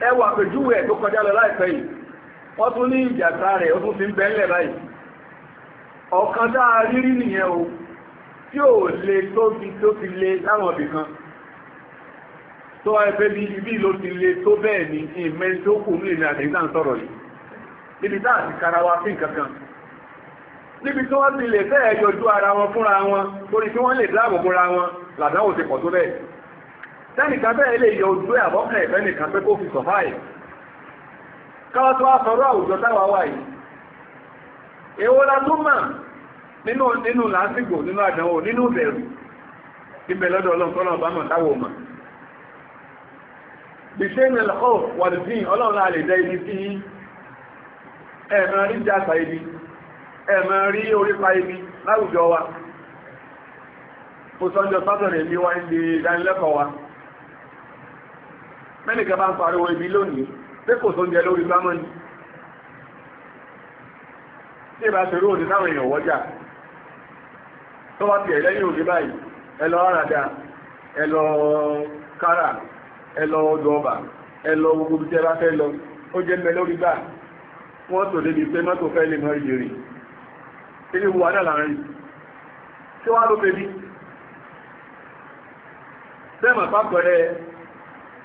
S1: ẹwà pẹ̀júwẹ̀ tó kọjá lọ láìpẹ́ yìí wọ́n tún ní ìjàta rẹ̀ ó tún fi ń bẹ́ẹ̀lẹ̀ báyìí ọ̀kan dáa rírí nìyẹn o tí ò le tó fi tó fi le láwọn ibì tó ẹgbẹ́ ní ibi ló ti le tó bẹ́ẹ̀ ni ìmẹ́rin tó kù ní ìrìn àtẹ̀yìn náà sọ̀rọ̀ yìí níbi táà ti kara wa sí nǹkan tẹ́nìkan bẹ́ẹ̀ lè yọ ojú ẹ̀ àbọ́kàn nìkan pé kó fi sọ̀fà ẹ̀ káwọ́ tó àwùjọ táwa yìí èwo tó mà nínú nínú nínú àdánwò nínú bẹ̀rù ibẹ̀ lọ́dọ̀ ọlọ́nkọ́lọ́ mọ̀ ní ọ̀pọ̀ wa ìdánilẹ́kọ̀ọ́ wa mẹ́nìkan bá ń pariwo ibi lónìí pé kò sóúnjẹ lórí bá mọ́ni tí ìbá ṣe róòdì táwọn èèyàn wọ́jà tó bá tiẹ̀ lẹ́yìn òde báyìí ẹlọ àràdà ẹlọ kára ẹlọ ọdọ ọba ẹlọ gbogbo bí tẹ́lá fẹ́ lọ ó jẹ́ mẹ́ lórí bá wọ́n tò débi pé mọ́tò fẹ́ lè mọ́ ìjèrè ilé wà náà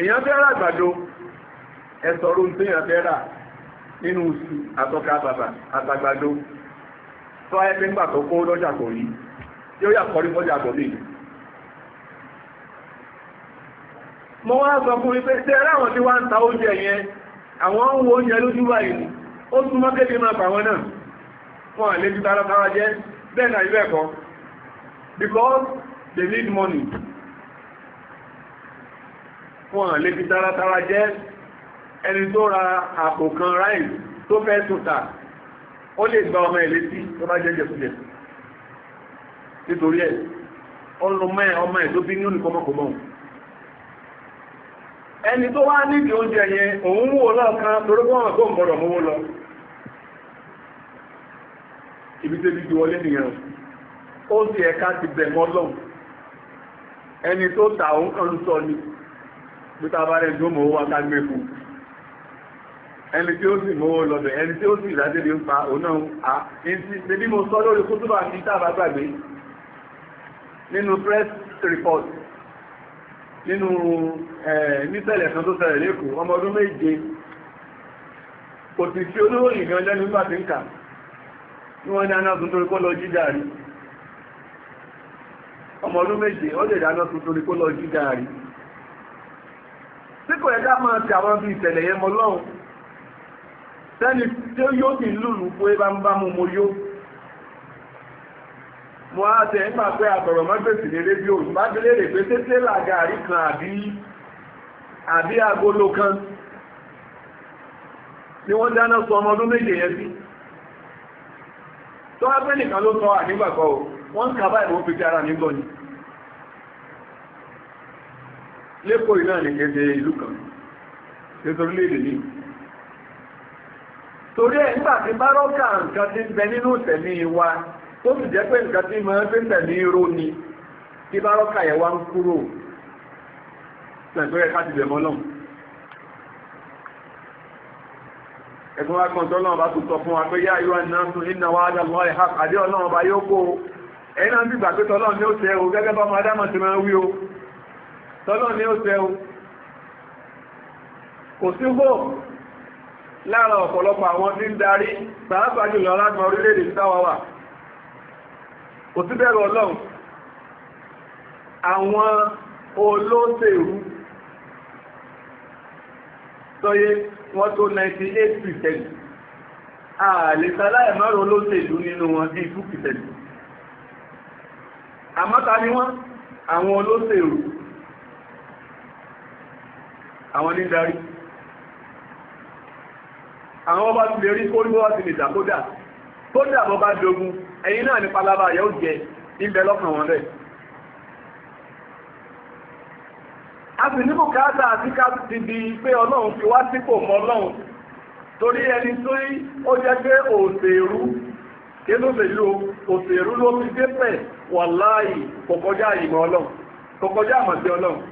S1: èyàn fẹ́ rà àgbàdo ẹ̀sọ̀rọ̀ tí èyàn nínú oṣù àtọ́ka bàbà àtàgbàdo tó ayẹ́fẹ́ ń kó lọ́jà kò rí tí ó yà kọrí lọ́jà kò rí mo wá sọ fún wípé àwọn tí ta oúnjẹ yẹn àwọn oúnjẹ lójú báyìí ó máa náà à lè ju tara tara jẹ́ bẹ́ẹ̀ because they need money wọn lè fi taratara jẹ́ ẹni tó ra àpò kan ráìl tó fẹ́ tuta ó lè gba ọmọ ilé tí tó bá jẹ́jẹ́ fún jẹ́ nítorí ẹ̀ ọlọ́mọ ọmọ ẹ̀ tó bí ní oníkọmọkọmọ ẹni tó wá nídìí oúnjẹ yẹn òun wò lọ́ọ̀kan torógbọ́n tó ń gbọ́dọ̀ mówó lọ ibi tó bí wọlé nìyẹn ó sì ẹ̀ka ti bẹ̀ mọ́ lọ́hùn ẹni tó ta òun kan sọ ni pítà bá rẹ̀ tó mọ̀ wá kágbé fún ẹni tí ó sì mọ́ lọ́dọ̀ ẹni tí ó sì ìdájẹ́ lè ń pa òun náà ní bí mo sọ lórí kó túbà ní tàbá gbàgbé nínú press report nínú nítẹ̀lẹ̀ kan tó ṣẹlẹ̀ lẹ́kọ̀ọ́ ọmọ ọdún méje kò sì fi olówó ìgbìyàn lẹ́nu nígbà tí ń kà ní wọ́n ní aná tuntun kó lọ jíjà rí ọmọ ọdún méje ó lè dáná tuntun kó lọ jíjà rí tí kò ẹ̀dá máa ti àwọn bí ìṣẹ̀lẹ̀ yẹn mọ́ lọ́hùn sẹ́ni tí ó yóò sì lùlù pé bá ń bá mu mo yó mo á tẹ̀ nípa pé àtọ̀rọ̀ mọ́gbèsì ní rédíò bá fi léèrè pé tètè làgàrí kan àbí agolo kan ni wọ́n dáná sọ ọmọ ọdún méje yẹn sí tó wá pé nìkan ló sọ ànígbàgbọ́ o wọ́n ń kà báyìí wọ́n fi ti ara nígbọ́ lẹ́kọ̀ọ́ iná ní ẹgbẹ̀ ìlú kan lẹ́tọ̀rílẹ̀-èdè ní torí ẹ̀ nǹkan bẹ nínú tẹ̀mí wa tó sì jẹ́ ma ń fi tẹ̀mí ni kí wa kan tọ́lọ́wọ́ bá tún sọ fún wa pé yá náà tún iná wa àdé ọlọ́wọ́ bá yóò kó ẹ̀yìn náà ń bí gbà pé tọ́lọ́wọ́ ó tẹ́ o gẹ́gẹ́ bá ọmọ adámọ̀ ti máa o tọ́lọ́ ni ó fẹ́ o kò sí hò lára ọ̀pọ̀lọpọ̀ àwọn tí ń darí pàápàá jùlọ lágbọn orílẹ̀-èdè ìtawàwà kò sí bẹ̀rù ọlọ́run àwọn olóṣèlú sọye wọ́n tó 98% ààlẹ́sà láìmọ́rọ̀ olóṣèlú nínú wọn bí 2% àmọ́ta ni wọ́n àwọn olóṣèlú àwọn ní darí àwọn ọba ti lè rí kó ní wọ́n ti lè dàkódà tó dàbọ̀ bá dogun ẹ̀yìn náà ní palaba yóò jẹ ilẹ̀ lọ́kàn wọn rẹ̀ a sì ní bùkátà àti ká ti di pé ọlọ́run fi wá sípò mọ́ ọlọ́run torí ẹni tó ó jẹ́ pé òṣèrú kénúbèlú òṣèrú ló fi dé pẹ̀ wàláì kò ìmọ̀ ọlọ́run kò àmọ̀sí ọlọ́run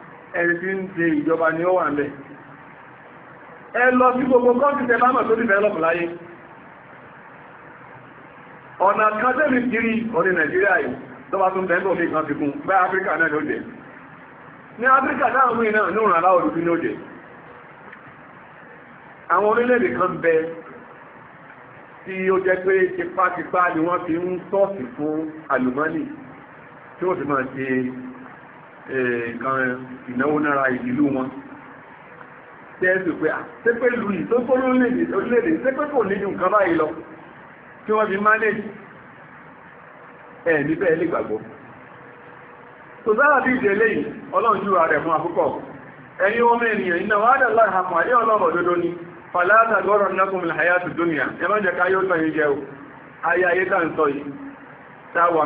S1: ẹni tí ń ṣe ìjọba ni ó wà ń bẹ̀ ẹ lọ sí gbogbo kọ́ńtì tẹ bá mọ̀ tó dìbẹ̀ lọ́pù láyé ọ̀nà kan tẹ́lì kiri ọ̀nà nàìjíríà yìí lọ́wọ́ tó ń bẹ̀ ń bọ̀ lẹ́gbọ̀n fi kún bẹ́ áfíríkà náà ló jẹ́ ní áfíríkà dáhùn mí náà ní òrùn aláwọ̀ dúdú ló jẹ́ àwọn orílẹ̀-èdè kan bẹ tí ó jẹ́ pé tipátipá ni wọ́n fi ń sọ́ọ̀sì fún àlùmọ́nì tí wọ́n fi máa ṣe ìnáwó kan ìlú wọn tẹ́ẹ̀sì pé àtẹ́pẹ́ ah, ìlú yìí tó kó lórílẹ̀-èdè tẹ́pẹ́ kò ní nǹkan báyìí lọ tí wọ́n fi manage ẹ̀ níbẹ̀ lè gbàgbọ́ tó sára bí ìdè lẹ́yìn ọlọ́run jù rẹ̀ fún àkókò ọmọ ènìyàn iná wà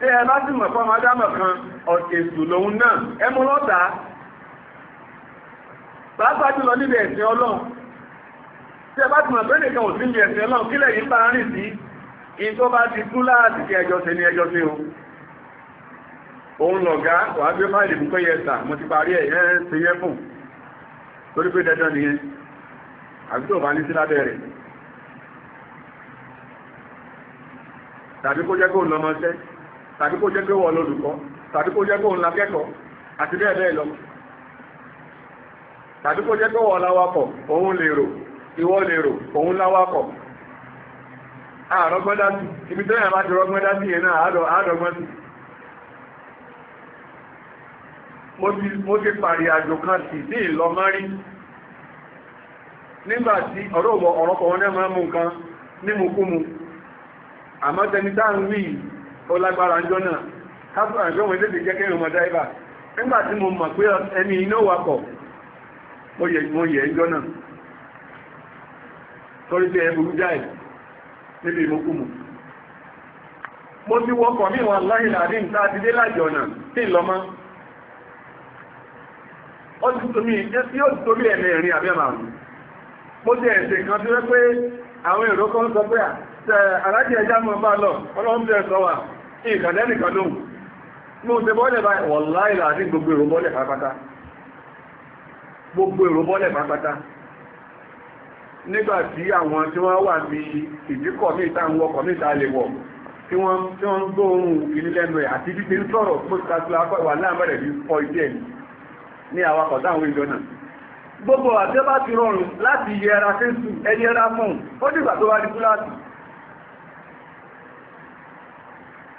S1: tí ẹ bá sì mọ̀ fọ́ ọmọ adámọ̀ kan ọ̀tẹ̀ èsù lòun náà ẹ mú lọ́ta pàápàá jùlọ níbi ẹ̀sìn ọlọ́run tí ẹ bá ti mọ̀ pé nìkan ò sí ibi ẹ̀sìn ọlọ́run kílẹ̀ yìí bá rìn sí in tó bá ti kú láti kí ẹjọ́ sí ní ẹjọ́ sí o òun lọ̀gá wà á gbé fáìlì mú pẹ́yẹ ẹ̀sà mo ti parí ẹ̀ ẹ́ ṣe yẹ fún torí pé dandan nìyẹn àbí tó bá ní sí lábẹ́ rẹ̀ tàbí kó jẹ́ kó lọ́mọṣẹ́ tàbí kó jẹ́ pé wọ́n lólùkọ́ tàbí kó jẹ́ pé òun lakẹ́kọ̀ọ́ àti bẹ́ẹ̀ bẹ́ẹ̀ lọ tàbí kó jẹ́ pé wọ́n láwakọ̀ òun lèrò ìwọ lèrò òun láwakọ̀ àrọ́gbọ́n dásí ibi tó yàrá ti rọ́gbọ́n dásí yẹn náà àádọ́gbọ́n sí mo ti parí àjò kan sì ní ìlọmọ́rí nígbàtí ọ̀rọ̀ ọ̀rọ̀kọ̀ wọn náà máa mú nǹkan ní mú àmọ́ tẹni dáa ń wí ó lágbára ń jọ́nà kápùrà ìgbọ́n ilé ìjẹ́ kẹrin ọmọ dáìbà nígbà tí mo mọ̀ pé ẹni iná wakọ̀ mo yẹ̀ ń jọ́nà torí pé ẹgbùrú jáì níbi mo ti wọkọ̀ mí láìlà ní ìta ti dé láì jọ̀nà tí ìlọ́mọ́ ó ti torí ẹ̀mẹ́rin àbẹ́màrún mo ti ẹ̀sẹ̀ kan tí pé àwọn èrò kan sọ pé à aláàjì ẹja mọ̀ bá lọ wà mo gbogbo èrò bọ́lẹ̀ pátápátá gbogbo èrò bọ́lẹ̀ pátápátá nígbà àwọn tí wọ́n wà ní ìdíkọ̀ mí ìta ń mí ìta tí wọ́n tí wọ́n lẹ́nu ẹ̀ àti gbogbo àti bá ti rọrùn láti yẹra fẹ́sù ó dìgbà tó wá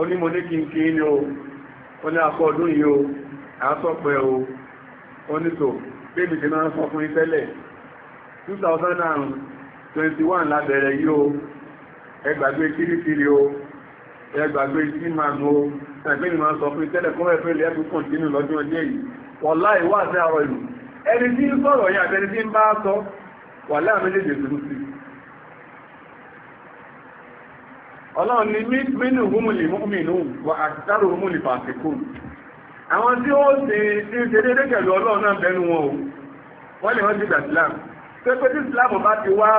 S1: onímọ̀lé kìnkì ní o ó ní akọ ọdún yìí o àásọ̀pẹ́ o ó ní tò bébì tí máa ń sọ fún ìtẹ́lẹ̀ 2021 lábẹ̀rẹ̀ yìí o ẹgbàgbé kìrìkìrì o ẹgbàgbé tí máa o ẹgbẹ́ ni máa sọ fún ìtẹ́lẹ̀ fún ẹ̀fẹ́ ilẹ̀ ẹ̀kú kọ̀ntínú lọ́dún ọjọ́ yìí wọ̀lá ìwà àti àrọ̀ ìlú ẹni tí ń sọ̀rọ̀ yìí àtẹni tí ọlọ́run ni mínú húmùlì múmìnú wà àtàrò húmùlì fàṣíkò àwọn tí ó ti ti ṣe dédé pẹ̀lú ọlọ́run náà bẹnu wọn o wọ́n lè wọ́n ti gbà islam pé pé tí islam bá ti wá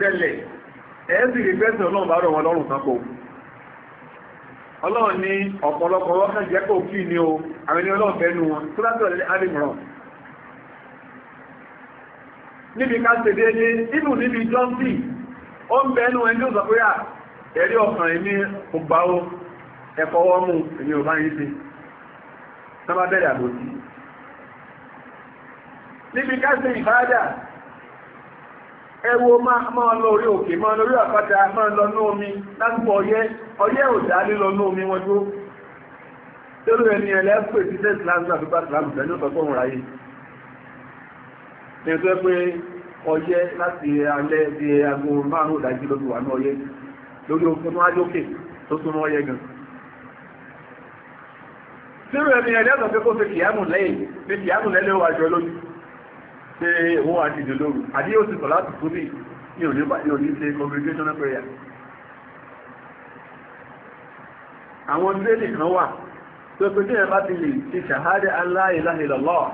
S1: tẹ̀lẹ̀ ẹ̀ sì rí gbẹ́sìn ọlọ́run bá rọ̀ wọn lọ́rùn sáko ọlọ́run ni ọ̀pọ̀lọpọ̀ wọ́n kàn jẹ́ kó kí ni o àwọn ènìyàn ọlọ́run bẹnu wọn tó láti ọ̀lẹ́ alìmọ̀ràn níbi ká ṣe déédéé inú níbi jọ́ńtì ó ń bẹnu ẹni ó sọ pé à ẹ̀rí ọkàn èmi kò bá ó ẹ̀fọwọ́ mú èmi ò bá yí sí sọ́mọ́ bẹ̀rẹ̀ àbòsí níbi káṣí ìbáadà ẹwọ máa lọ orí òkè máa lọ orí àpáta máa lọ ní omi lásìkò ọyẹ́ ọyẹ́ òdá lílọ wọn tó tẹ́lú ẹni sí lórí ogun tó wá lókè tó súnmọ́ yẹ gan sírò ẹni ẹ̀dẹ́ sọ pé kó ṣe kìyàmù lẹ́yìn ní kìyàmù lẹ́lẹ́ wà jọ lójú ṣe òun àti ìdòlóru àbí ó ti sọ láti fún mi ní òní ṣe congregational prayer àwọn tírélì kan wà tó pé tí ẹ bá ti lè ṣe ṣàhádẹ́ aláìláìlọ́lọ́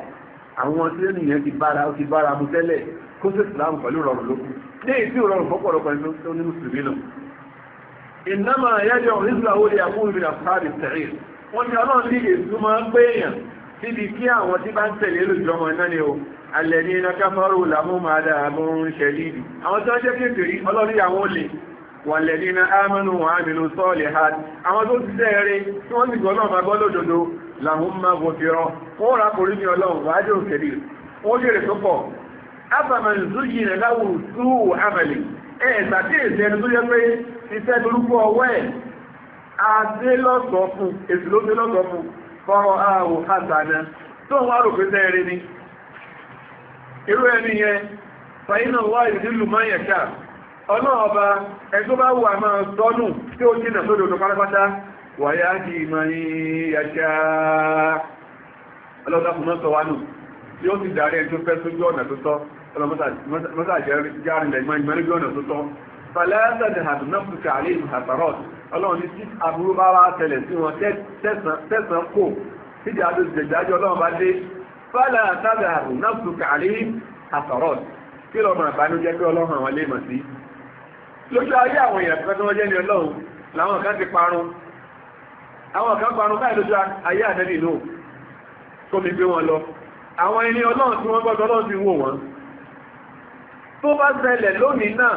S1: àwọn tírélì yẹn ti bára ó ti bára mú tẹ́lẹ̀ kó sì ìsìlámù pẹ̀lú rọrùn lókun ní èyí tí ò rọrùn fọ́pọ̀lọpọ̀ ẹni tó ní mùsùlùmí náà ìnáma yẹ́lẹ̀ òrìsìlá orí àkúrò ìrìn àfáàrí tẹ̀rí wọ́n ni ọlọ́run ní èsù máa ń gbéyàn síbi kí àwọn tí bá ń tẹ̀lé lójúọmọ iná ni o alẹ́ ní iná káfọ́rò làmú máa dá àmúrún ṣẹlí àwọn tó ń jẹ́ kékeré ọlọ́rí àwọn olè wà lẹ́ni iná ámánú wọn àmìlú sọ́ọ̀lì ha àwọn tó ti sẹ́ẹ̀rẹ́ tí wọ́n sì gbọ́ náà máa làwọn máa bọ̀ fi rán ní ọlọ́run wájú òkèlè wọ́n jèrè tó pọ̀ abamanzu yìí iṣẹ́ burúkú ọwọ́ ẹ̀ adé lọ́sọ̀ọ́ fún èsì ló fọ́rọ̀ ààrùn àgbàna tó wà rò pé tẹ́ẹ̀rẹ́ ni irú ẹni yẹn fàyínà wá ìdílù máa yẹ̀ká ọlọ́ọ̀ba bá wà máa tọ́nù tí ó jìnà pátápátá wà yá sọ nù tí fàlẹ́sẹ̀ ni àdùnàfíkà àlẹ́ ìhàtàrọ̀ ọlọ́run ní tí aburú bá wá tẹ̀lẹ̀ sí wọn tẹ̀sán kò sídi àdójẹ̀dájọ́ ọlọ́run bá dé fàlẹ́ àtàdà àdùnàfíkà àlẹ́ ìhàtàrọ̀ kí lọ́mọ àbánújẹ́ pé ọlọ́run àwọn lè mọ̀ sí. lójú ayé àwọn èèyàn kan tí wọ́n jẹ́ ní ọlọ́run làwọn kan ti parun àwọn kan parun báyìí lójú ayé àdẹ́lì nù kó mi gbé wọn lọ tó bá ṣẹlẹ̀ lónìí náà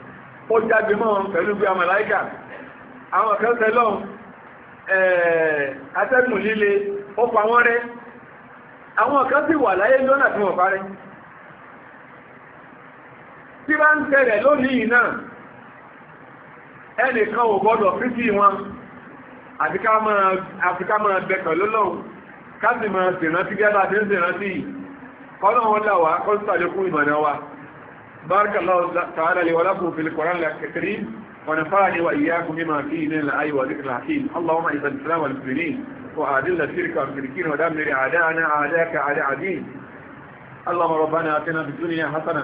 S1: ó jáde mọ́ pẹ̀lú bí amàláìkà àwọn kẹsẹ̀ lọ́n eh, atẹ́gùn líle ó pa wọ́n rẹ́ àwọn kan sì wà láyé lọ́nà tí wọ́n parẹ́ tí bá ń tẹ̀rẹ̀ lónìí náà ẹnìkan ò gbọ́dọ̀ fífí wọn àfiká máa bẹ̀kàn lọ́lọ́run káàsì máa sèrántí gẹ́gbà tí ń sèrántí kọ́nà wọn láwàá kọ́ بارك الله تعالى لي ولكم في القرآن الكريم ونفعني وإياكم بما فيه من الآي وذكر الحكيم اللهم إذا الإسلام والمسلمين وأذل الشرك والمشركين ودمر أعداءنا أعداءك أعداء الدين اللهم ربنا آتنا في الدنيا حسنة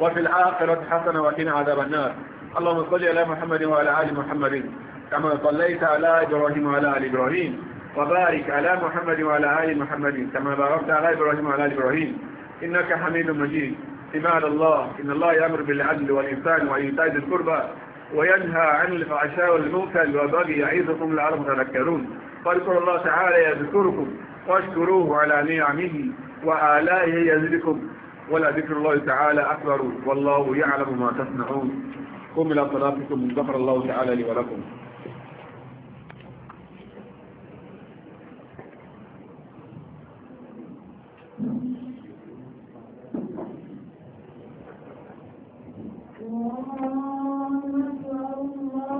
S1: وفي الآخرة حسنة وأتنا عذاب النار اللهم صل على محمد وعلى آل محمد كما صليت على إبراهيم وعلى آل إبراهيم وبارك على محمد وعلى آل محمد كما باركت على إبراهيم وعلى آل إبراهيم إنك حميد مجيد عباد الله إن الله يأمر بالعدل والإنسان وإيتاء ذي القربى وينهى عن الفحشاء والمنكر والبغي يعظكم لعلكم تذكرون فاذكروا الله تعالى يذكركم واشكروه على نعمه وآلائه يزدكم ولذكر الله تعالى أكبر والله يعلم ما تصنعون قم إلى صلاتكم ذكر الله تعالى لي ولكم ọ̀rọ̀